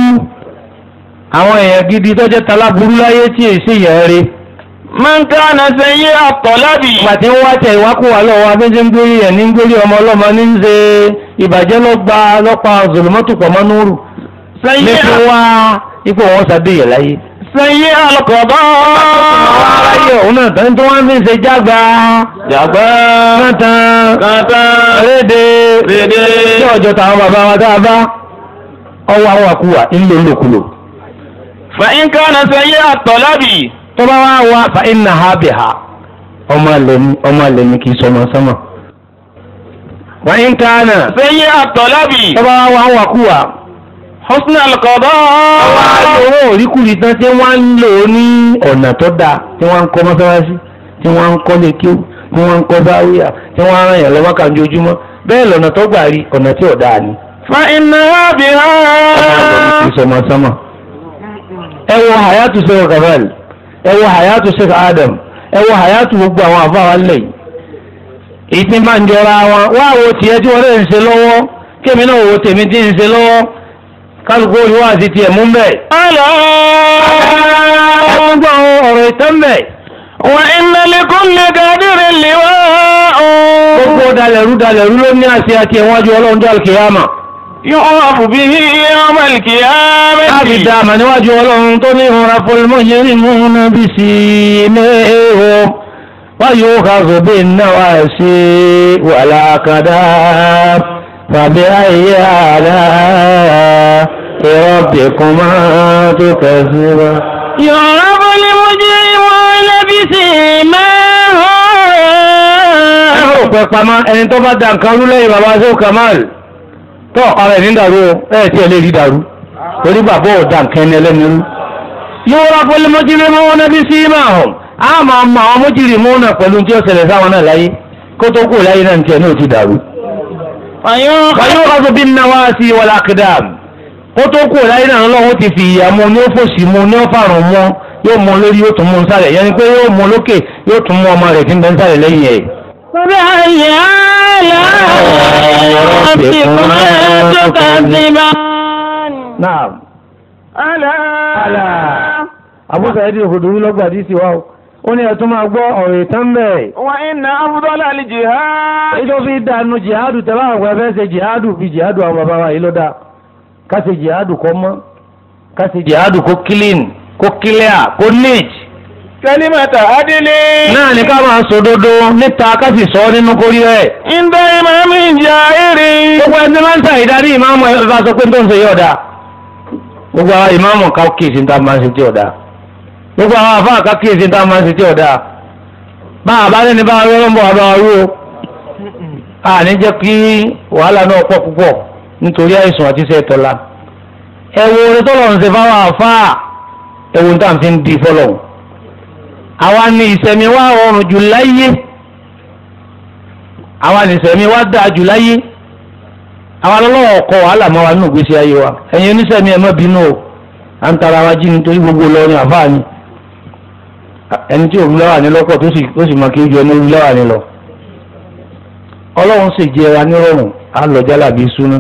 àwọn èèyàn gidi tó jẹ́ taláburú láyé tí èsì yẹn rí. ma ṣe yé àtọ̀lábì. Pàtí ń wá tẹ ìwákùwà lọ́wọ́ wa ń gbórí ẹ̀ ní ń gbórí ọmọ ọlọ́mọ ní ń ṣe ìbàjẹ́ ló gba lọ́pa zòlómọ́tò pọ̀ mọ́ núrù. Ṣẹ́yẹ́ àlọ́. Lẹ́fún wá ipò wọn ṣàbẹ̀yẹ̀ láyé. Ṣẹ́yẹ́ àlọ́kọ̀ọ́bọ̀. Àwọn aráyé òun náà tán tí wọ́n fi ń ṣe jágba. Jàgbá. Kàntàn. Kàntàn. ta tó bá wá wá fa iná ha bì ha ọmọ kì í sọmọ sọmọ. náà. sẹ́yìn àtọ̀lábì. tó bá wa. hosna alkọ̀dọ́. àwọn àlòwò òríkùrí tán tí wọ́n ń lò ní ọ̀nà tó dáa tí wọ́n ń kọ́ mọ́sálásí tí wọ́n ń kọ́ lè kí tí wọ́n ń kọ́ lọ́wọ́ kan ẹ wo hayatu sheikh adam ẹ hayatu gbogbo àwọn àfáà lẹ̀ ìpín máa ń jọra wọn wá wo tiẹ̀ tí wọ́n lè ń ṣe lọ́wọ́ kémi náà wo tèmi tí ń ṣe lọ́wọ́ kálukú olùwà àti tiẹ̀ mú bẹ́ẹ̀. ọ̀lọ́ ọgbọ́n ọ̀rọ̀ ìtàn wà iná lẹ́kùn lè kàdírì lè wá. gbogbo dalẹ̀rú dalẹ̀rú ló ní àṣẹ àti ẹ̀wọ́n ju ọlọ́run jọ́ àlùkìyàmà yọ́ọ̀fù bí i ọmọ ìkìyà méjì. a fi dá àmà níwájú ọlọ́run tó ní ìrora fọlmọ́jẹ́ nínú níbi sí ilé ẹ̀rọ wọ́n yóò ká zòbí náà wá sí wàlàkàdá tàbí ayé àdá ìrọ̀bì kan máa ẹni tó bá da nǹkan rú lẹ́yìn bàbá sókè máàlì tó ọ̀kan rẹ̀ ní dàrú ẹ̀ tí ẹ lè rí dàrú torí bàbá ọ̀dà nǹkan ẹni ẹlẹ́ni rú. yóò rà pẹ̀lú mọ́jìrì mọ́ wọn níbi sí máa hàn á máa mọ àwọn mọ́jìrì mọ́ náà pẹ̀lú tí ó ṣẹlẹ̀ sáwọn náà láyé kó tó kú láyé náà tiẹ̀ náà ti dàrú. fàyọ̀ kọ́sọ̀ bí nnáwá sí wọlé akédàm kó tó kú láyé náà lọ́wọ́ ti fi ìyà mu ní ó fòṣì mu ní ó fàrùn mu yóò mu lórí yóò tún mu nsàlẹ̀ yẹn ni pé yóò mu lókè yóò tún mu ọmọ rẹ̀ tí ń bẹ nsàlẹ̀ lẹ́yìn ẹ̀. فبأي آلاء ربكما تكذبان نعم ألا ألا أبو سعيد الخدري لو بعدي سواه ó ní ẹtún máa gbọ́ ọ̀rọ̀ ìtàn bẹ́ẹ̀. wà á iná afúdọ́lá ní jihad. èyí tó fi dànù jihadu tẹ́lá àwọn ẹ̀fẹ́ ṣe jihadu fi jihadu àwọn bàbá wa yìí ló dáa ká ṣe jihadu kó mọ́ ká ṣe jihadu kó clean kó clear kó neat kẹlímẹ̀tà adélé. náà ní ká máa dodo níta ká sọ nínú kórí ẹ. gbogbo ẹni máa ń ta ìdarí ìmáàmù ẹ bá sọ pé tó ń ṣe yóò gbogbo àwọn ìmáàmù ká kíyèsí tá a máa ń ṣe tí gbogbo àwọn àfáà ká kíyèsí tá a máa ń ṣe tí ò dáa. bá a bá lẹ́ni bá a rọ́rọ́ bọ̀ àbá rú a ní jẹ́ kí wàhálà náà pọ̀ púpọ̀ nítorí àìsàn àti àwa ni ìsẹ̀mí wa rọrùn jù láyé àwa ni ìsẹ̀mí wa dáa jù láyé àwa lọ́wọ́ ọkọ̀ wàhálà mọ́ wa nínú ìgbésí ayé wa ẹ̀yin onísẹ̀mí ẹ̀ má bínú o à ń tara wa jí nítorí gbogbo lọ́rin àfáà ni ẹni tí òun lọ́wọ́ àní lọ́pọ̀ tó sì mọ kí ó jọ ní òun lọ́wọ́ àní lọ ọlọ́run sì jẹ́ wa nírọ̀rùn á lọ jálàbí súná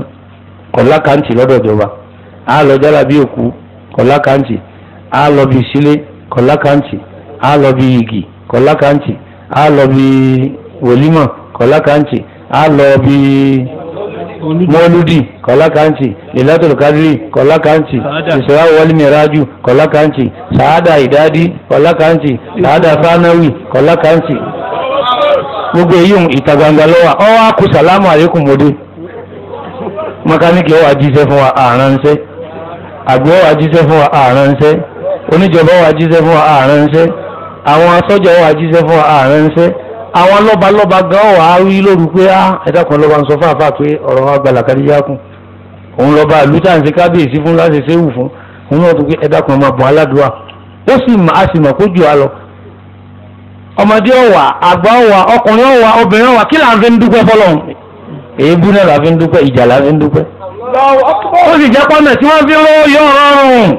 kọ̀lákàntì lọ́dọ̀ ìjọba á lọ jálàbí òkú kọ̀lákàntì á lọ bí sílé kọ̀lákàntì A lọ bí igi kọlá kàǹtì á lọ bí wòlímọ̀ kọlá kàǹtì á lọ bí mọ́lúdì kọlá kàǹtì ìlàtọ̀lù kádírì kọlá kàǹtì ìṣòro wọlé mìíràjù kọlá kàǹtì sàádà ìdádì kọlá kàǹtì sàádà fánáwì kọlá kàǹtì gbogbo èyí ìta gbangba lọ́wọ́ ọ wá kú sàlámù àlékún mọ́dé mọkáníkì ọwọ́ àjíṣẹ́ fún wa àránṣẹ́ àgbẹ̀ ọwọ́ àjíṣẹ́ fún wa àránṣẹ́ oníjọba ọwọ́ àjíṣẹ́ fún wa àránṣẹ́ àwọn sọ́jà wà jíṣẹ́ fún ààrẹ ńṣẹ́ àwọn lọ́balọ́ba gan wà á lóru pé á ah, ẹ̀dá lọ́ba ń sọ fún àfáà pé ọ̀rọ̀ wa gbàlà káríyá kù òun lọ́ba àlùtàǹsí kábíyèsí fún láti ṣe wù fún òun náà tó pé ẹ̀dá kan máa bọ̀ aládùúwà ó sì mà á sì mà kó jù á lọ. ọmọdé ọ̀wà àgbà ọ̀wà ọkùnrin ọ̀wà obìnrin ọ̀wà kí là ń fi ń dúpẹ́ fọlọ́run èébú náà là fi ń dúpẹ́ ìjà là fi ń dúpẹ́. ó sì jẹ́ pọ́nà tí wọ́n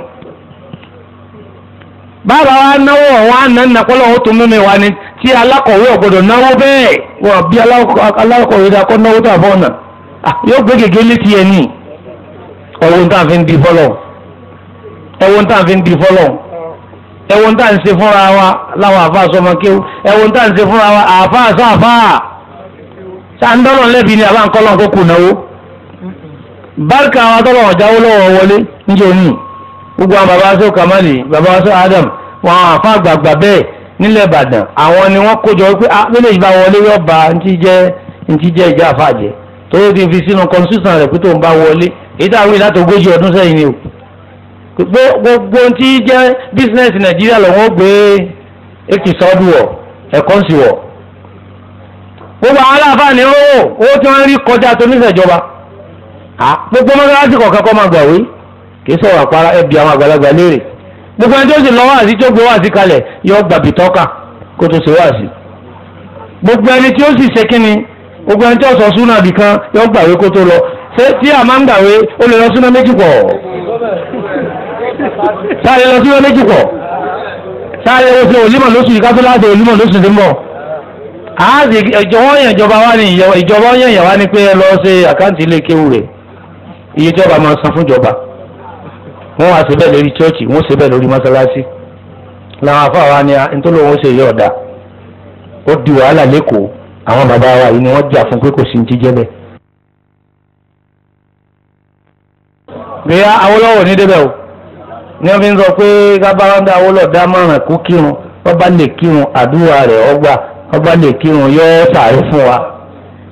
bàbá wa náwó ọ̀wọ́ àná nàkọ́lọ́ ó tún mímì wa ni tí alákọ̀wé ọ̀gbọ́dọ̀ náwó bẹ́ẹ̀ wọ́n bí alákọ̀wé dá kọ́ náwó tó àbọ̀ ọ̀nà ah, yóò gbé gègé létí ẹ̀ ní tá à ń fi di tá à ń di tá à ń fúnra wa láwọn àfa sọmọ tá à ń fúnra wa àfa sọ àfa sàǹdọ́lọ̀ lẹ́bi ni àbá kó kù náwó bárkà àwọn tọ́lọ̀ ọ̀jáwó lọ́wọ́ òní gbogbo àwọn Adam wọn àwọn àfa àgbààgbà bẹ́ẹ̀ nílẹ̀ ìbàdàn àwọn ni wọ́n kójọ wípé abẹ́lẹ̀ ah, ìbá wọlé yóò ba ntí jẹ́ ntí jẹ́ ìjà àfàjẹ́ torí ti fi sínú constitution rẹ̀ pé tó ń bá wọlé èyí tá a wí láti ọdún sẹ́yìn ni o gbogbo ntí jẹ́ business nàìjíríà lọ́wọ́ gbé èkì sọ́dù wọ̀ ẹ̀kọ́ sì wọ̀ gbogbo àwọn aláàfáàní owó owó tí wọ́n rí kọjá tó níṣẹ̀jọba ah, gbogbo mọ́tò láti kọ̀ọ̀kan kọ́ máa gbàwé kì í sọ̀rọ̀ àpárá ẹ̀bì àwọn àgbàlagbà léèrè gbogbo ẹni tó sì lọ wáàsí tó gbé wáàsí kalẹ̀ yọ gbàbí tọ́ka kó tó ṣe wáàsí gbogbo ẹni tí ó sì ṣe kínni gbogbo ẹni tí ó sọ súnà bì kan yọ gbàwé kó tó lọ ṣé tí a máa ń gbàwé ó lè lọ súnà méjì pọ̀ sáré lọ súnà méjì pọ̀ sáré oṣù olímọ̀ lóṣù yìí kátó láti olímọ̀ lóṣù tí ń bọ̀ ààzì ìjọba yẹn ìjọba wa ni ìjọba yẹn yẹn ni pé ẹ lọ ṣe àkáǹtì ilé kéwù rẹ̀ iye ìjọba máa san fún ìjọba wọ́n wá síbẹ̀ lórí chọ́ọ̀chì wọ́n síbẹ̀ lórí mọ́sálásí làwọn afáwa ni ntọ́lọ́ wọn ṣe yọ̀ọ̀dà ó di wàhálà lẹ́kọ̀ọ́ àwọn bàbá wa yìí ni wọ́n jà fún pé kò sí ní jíjẹ́ bẹ́ẹ̀. bíyá Awólọ́wọ̀ ní débẹ̀ o ní wọ́n fi ń sọ pé kábàáńdà Awólọ́wọ̀ dá márùn-ún kó kírun ọba lè kírun àdúrà rẹ̀ ọgbà ọba lè kírun yọ́ sàárẹ̀ fún wa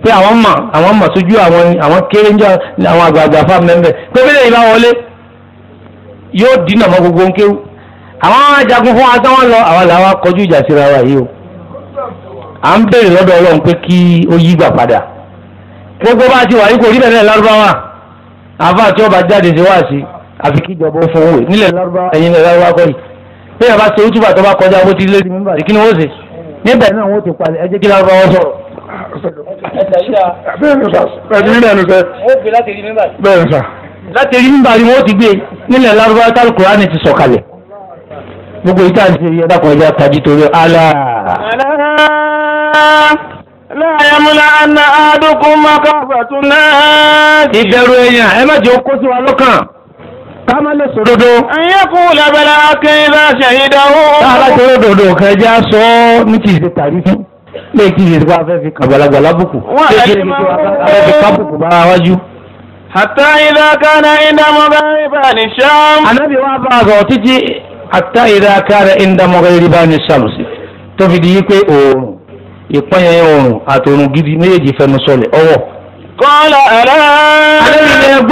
pé àwọn mọ̀ àwọn mọ̀ sójú àwọn kéré ń jọ àwọn àgbààgbà fáwọn mẹ́mbẹ̀ pé bí lè yí bá wọlé yóò dínà mọ́ gbogbo ń kéwù àwọn ajagun fún wa sáwọn lọ àwọn làwọn kọjú ìjà síra wa yìí o à ń béèrè lọ́dọ̀ ọlọ́run pé kí ó yí gbà padà gbogbo bá ti wà yìí kò rí bẹ̀rẹ̀ lárúbáwá àfa tí ọba jáde sí wáàsí àfi kí ìjọba ó fowó nílẹ̀ lárúbáwá ẹ̀yin lẹ̀ lárúbáwá kọ́ yìí bí ẹ bá ṣe ojúbà tó bá kọjá owó ti lé ní mímbà kí ni wọ́n ṣe níbẹ̀ náà wọ́n ti palẹ̀ ẹ jẹ́ kí lárúbáwá sọ̀rọ̀. bẹ́ẹ̀ ni sà bẹ́ẹ̀ ni sà láti rí nígbà tí wọ́n ti gbé nílẹ̀ lárúbáwá tá alukurani ti sọ̀kalẹ̀ gbogbo ìta àti ìyá dàpọ̀ ẹja tají torí ala. láyàmúlá àná àádókùn mọ́kà fàtún náà. ìbẹ̀rù ẹ̀yàn ẹ má jẹ́ ó kó sí wa lọ́kàn kámá lè sọ dodo. ẹ̀yẹ́ kú lẹ́bẹ̀rẹ̀ akéwà ṣẹ̀yìndà ó. táàlà tó dodo kẹjá sọ ní kì í ṣe tàbí fún lè kì í ṣe wá fẹ́ fi kàgbàlagbà lábùkù lè kì í ṣe wá fẹ́ fi kábùkù bára wájú hàtà ìdá kánà ìdá mọ̀gáríbà ní sàm. ànábì wa bá a sọ títí hàtà ìdá kánà ìdá mọ̀gáríbà ní sàmùsì tó fi di yí pé oòrùn ìpọ́nyẹ̀yẹ oòrùn àtòrùn gidi méjèèjì fẹnu sọlẹ̀ ọwọ́. kọ́lá ẹ̀rẹ́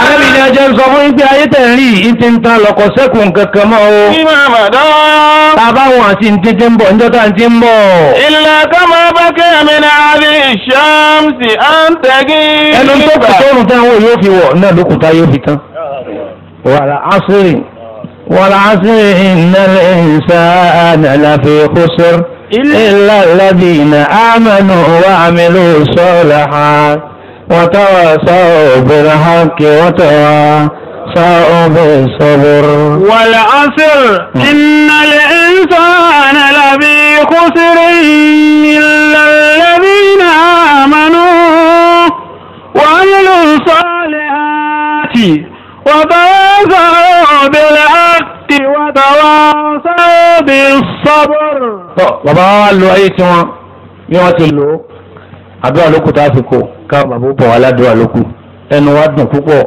àrẹ́bí ni ajẹ́ ń sọ fún yín pé ayé tẹ̀ ń rí yìí ti ń tan lọ́kọ̀ sẹ́kùn kankan mọ́ o. ìmọ̀ àmàdán. bàbá wọn àti ntí ń bọ̀ njọ́ tá à ń bọ̀. ìlà ká máa bá kẹ́mi ní abẹ́ ìṣàmùsì à ẹnu tó kù tóorùn táwọn yóò fi wọ̀ náà ló kù tá yóò fi tán. wàrà asiri wàrà asiri innal insana lafi khusr illa alladhina amanu wa amilu وتواصوا بالحق وتواصوا بالصبر والعصر إن الإنسان لفي خسر إلا الذين آمنوا وعملوا الصالحات وتواصوا بالحق وتواصوا بالصبر. طب wa lo ayé tiwọn àdúrà ló kù tá a fi kó ká bàbá ó bọ̀ wá ládùúrà ló kù ẹnu wa dùn púpọ̀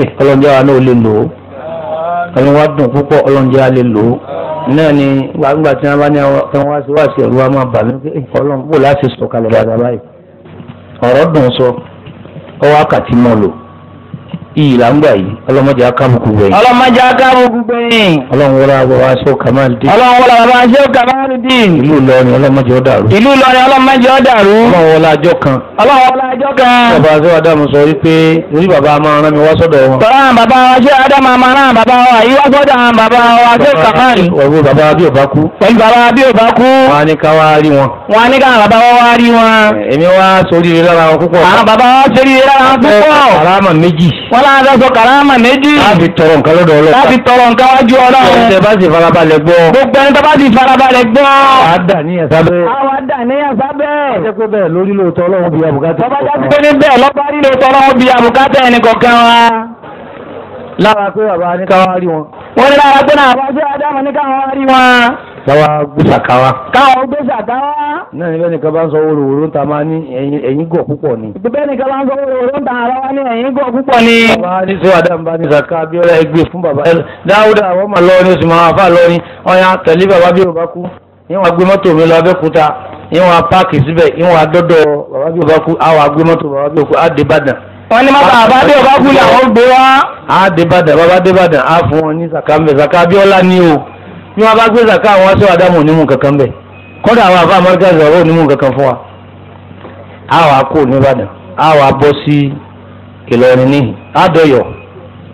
eh, ọlọ́njẹ́ wa náà lè lò ó ẹnu wa dùn púpọ̀ ọlọ́njẹ́ wa lè lò ó náà ni gbàgbà tí wọ́n bá ní ẹ̀wọ̀n wá sí wá sí wa máa bà mí pé eh, ọlọ́run bò láti sọ̀kalẹ̀ dáadáa báyìí ọ̀rọ̀ dùn sọ ọwọ́ àkàtì mọ́ lò iyì là ń gbà yìí ọlọ́mọdé akábùkù gbẹ̀yìn. ọlọ́mọdé akábùkù gbẹ̀yìn. ọlọ́run wọlé àbọ̀ wá ṣó Kamaldeen. ọlọ́run wọlé àbọ̀ wá ṣó Kamaldeen. ìlú Ìlọrin ọlọ́mọdé ó dàrú. ìlú Ìlọrin ọlọ́mọdé ó dàrú. ọlọ́run wọlé àjọ kan. ọlọ́run wọlé àjọ kan. bàbá aṣọ adamu sọ wípé orí bàbá máa rán mi wá sọ́dọ̀ wọn. bàbá bàbá aṣọ adamu máa rán bàbá wa yìí wá sọ́dọ̀ àwọn bàbá wa wọn bàbá wa wọn tá a sọ kàrámà méjì. láti tọrọ nǹkan lọ́dọ̀ ọlọ́run. láti tọrọ nǹkan wájú ọlọ́run. ẹni tẹ bá sì farabalẹ̀ gbọ́. gbogbo ẹni tẹ bá sì farabalẹ̀ gbọ́. àwa dà ní ẹ̀sà bẹ́ẹ̀. àwa dà ní ẹ̀sà bẹ́ẹ̀. ọjọ́ pé bẹ́ẹ̀ lórí lóòótọ́ ọlọ́run bí abùkátà. bọ́bá jáde pé ní bẹ́ẹ̀ lọ́bàá lára pé bàbá ní káwá rí wọn. wọ́n ní lára pé náà bàbá ádámù ní káwá rí wọn. káwá gbèsà káwá. káwá gbèsà káwá. náà níbẹ̀ nìkan bá ń sọ wòròwòrò ń ta máa ní ẹ̀yìn gọ̀ púpọ̀ ni. níbẹ̀ nìkan bá ń sọ wòròwòrò ń ta ara wa ní ẹ̀yìn gọ̀ púpọ̀ ni. bàbá ní sọ ádámù bá ní sàká abiola ẹgbẹ́ fún bàbá dáúdà àwọn ọmọ lọ́ọ́ni oṣù máa fà lọ́ọ́ni ọ̀yàn tẹ̀lé bàbá bí yorùbá kú ìwọ̀n mọ́tò mi lọ abẹ́kúta ìwọ̀n apáàkì síbẹ̀ ìwọ̀n adọ́dọ̀ bàbá bí yorùbá àwọn agbé mọ́tò bàbá bí yorùbá kú wọ́n ní mọ́tò àbádé ọba kúlẹ̀ àwọn gbé wá. a dé Ìbàdàn bàbá dé Ìbàdàn a fún wọn ní zaka mbẹ zaka Abíọ́lá ni o ní wọn bá gbé zaka wọn sọ adamu onímù kankan mbẹ kọ́dà àwọn àbá amọ́ríkà zọ̀rọ̀ onímù kankan fún wa. a wà kó ní Ìbàdàn a wà bọ́ sí Ìlọrin níhìn a dọ̀yọ̀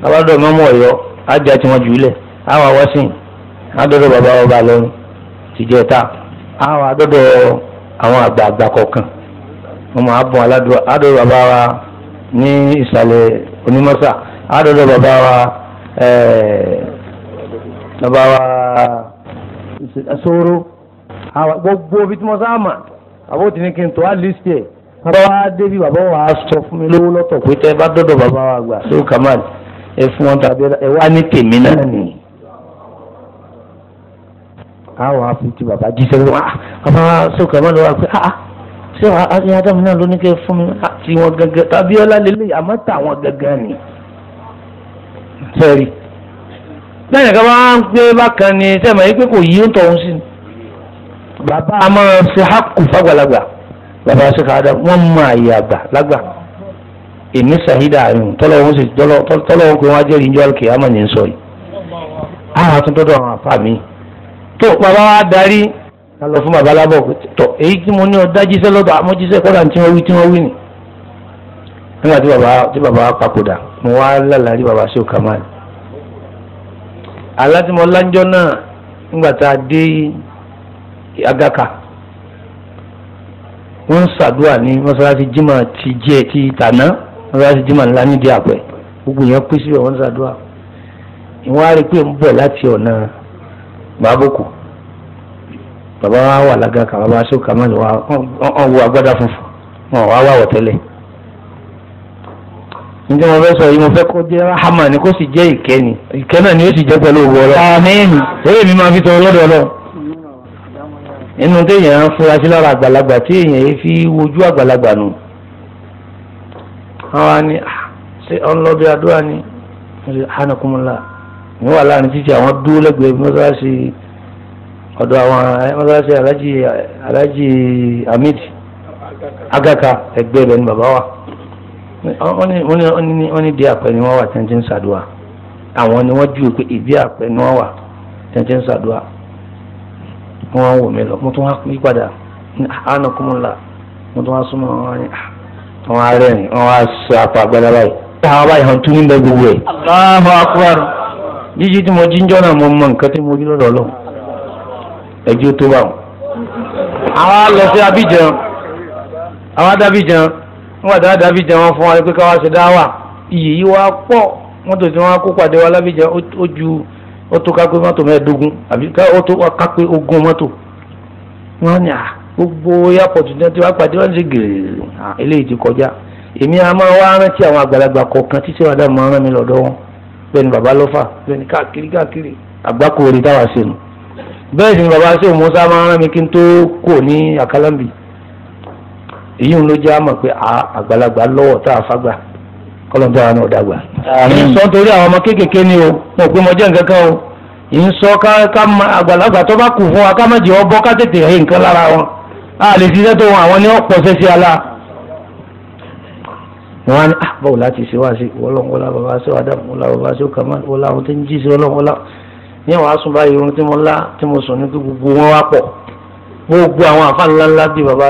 abádọ̀ mọ́mú ọ̀yọ́ a jẹ́ àti wọn jù ú lẹ̀ a wà wọ́sìn a dọ̀dọ̀ bàbá ọba lọ́run tìjẹ́ta a wà dọ̀dọ̀ àwọn àgbààgbà kọ̀ọ̀kan wọn máa bọ̀ aládùn adọ̀dọ̀ bàbá ní ìsàlẹ̀ onímọ̀sà àádọ́dọ̀ bàbá wa bàbá wa sóró gbogbo ibi tí mo sá mà àbó tí ní kí n tó a lísì ẹ̀ bàbá wa débi bàbá wa sọ fún mi lówó lọ́tọ̀ pé tẹ́ bá dọ́dọ̀ bàbá wa gbà sóò kamal ẹ fún wọn tàbí ẹ wá ní tèmi náà nìyí àwọn afi ti bàbá jíṣẹ́ wá ah, bàbá sókè mọ́ lọ́wọ́ pé ah, ah ṣé àti ádámù náà ló ní kẹ́ fún mi àti ah, wọn gangan tàbí ọlá lélẹ̀ àmọ́ tàwọn gangan ni. sẹ́ẹ̀rì bẹ́ẹ̀ nìkan bá ń gbé bákan ni sẹ́ẹ̀mà yìí pé kò yí ń tọ̀hún sí ni. bàbá a máa ṣe hákù fàgbàlagbà bàbá ṣe káàdà wọ́n mú àyè àgbà lágbà èmi sàhídà àyùn tọ́lọ́ wọn sì tọ́lọ́ wọn pé wọ́n á jẹ́rìí ní ọ̀lùkì àmọ̀ ní sọ yìí. àwọn àtúntò dọ̀ àwọn àfà mi tó bàbá wa darí ká lọ fún babalábọ̀ tọ̀ èyí tí mo ní ọ dájísẹ́ lọ́dọ̀ àmójísẹ́ kọ́dà tí wọ́n wí tí wọ́n wí nì. nígbà tí bàbá tí bàbá papòdà mo wá lálàrí bàbá sí Kamal. alátìmọ́lájọ́ náà nígbà tá a dé agaka wọ́n ń ṣàdúrà ní mọ́sálásí jimá ti jẹ́ ti tàná mọ́sálásí jimá ńlá nídìí àpẹ gbogbo yẹn pín síbẹ̀ wọ́n ń ṣàdúrà ìwọ́n á rí pé ń bọ̀ láti ọ̀nà bàbá kù bàbá wa wà lága kan bàbá aṣọ kan mọ́ni wọ́n wo agbádá funfun wọn wá wà wọ̀tẹ́lẹ̀. njẹ́ mo fẹ́ sọ yìí mo fẹ́ kó jẹ́ rahama ni kó sì jẹ́ ìkẹ́ ni ìkẹ́ náà ni ó sì jẹ́ pẹ̀lú òwú ọlọ́. àmín èyí mi máa fi tọrọ lọ́dọ̀ ọlọ́. inú téèyàn ń fura sí lára àgbàlagbà tí yìí fi wojú àgbàlagbà nù. Ah, àwa ni ṣé ọlọ́bí adúlá ni hanakumula ni wà láàrin títí àwọn dúró lẹ́gbẹ̀ẹ́ mọ́sáàsì ọ̀dọ̀ àwọn mọ́sálásí alájì alájì Hamid Agaka ẹgbẹ́ rẹ̀ ni bàbá wa wọ́n ní ìdí àpẹ ni wọ́n wà tẹ́ntẹ́ ń ṣàdúrà àwọn ni wọ́n júwe pé ìdí àpẹ ni wọ́n wà tẹ́ntẹ́ ń ṣàdúrà wọ́n wá wò mí lọ mo tún wá yí padà àánú kúmùlà mo tún wá súnmọ́ wọn ah, wá ní wọn wá rẹ́rìn wọn wá sọ àpò àgbàdá báyìí àwọn báyìí hàn tún ní bẹ́ẹ̀ gbogbo ẹ̀. Allahu Akbar jíjí tí mo jíjọ́ náà mo mọ nǹkan tí mo rí lọ́dọ̀ ọlọ́run ẹjú tó bá wọn. àwa lọ sí Abidjan àwa d'Abidjan nígbà tí wọn d'Abidjan wọn fún wa pé káwa ṣe dáwà iyì yìí wá pọ̀ mọ́tò tí wọ́n kó pàdé wa l'Abidjan ó ju ó tó kápé mọ́tò mẹ́ẹ̀ẹ́dógún àbí ó tó kápé ogún mọ́tò wọ́n ní à gbogbo airport ní ti wá pàdé wọn ṣe gèrè eléyìí ti kọjá èmi a máa wá rántí àwọn àgbàlagbà kọ̀ọ̀kan tí sèwọ́n dá máa rán mi lọ́dọ̀ wọn bẹ́ẹ̀ ni bàbá lọ́fà bẹ́ẹ̀ ni káàkiri káàkiri àgbákò orí táwa ṣe nù bẹ́ẹ̀ sì ni bàbá sèwọ̀n musa máa ń rán mi kí n tó kò ní àkàlàmbì èyí ń ló jẹ́ àmọ̀ pé àgbàlagbà lọ́wọ́ tá a fagbà kọ́lọ́dún àwọn náà dàgbà. àmín sọ torí àwọn ọmọ kéékèèké ni o mo pé mo jẹ́ nǹkan kan o yìí ń sọ ká àgbàlagbà tó bá kù fún wa ká má jẹ́ ọbọ̀ ká tètè rí nǹkan lára wọn a lè ṣiṣẹ́ tó wọn àwọn ni wọ́n pọ̀ sẹ́sẹ́ ala. wọn á ní ah, báwo láti ṣe wá sí wọ́n lọ́wọ́ lá bàbá sí wàdà wọ́n bàbá sí kàmá wọ́n lá àwọn tó ń jí sí wọ́n lọ́wọ́ ní àwọn asùnbà irun tí mo lá tí mo sùn ní kí gbogbo wọn wá pọ̀ gbogbo àwọn àfa ńláńlá bíi baba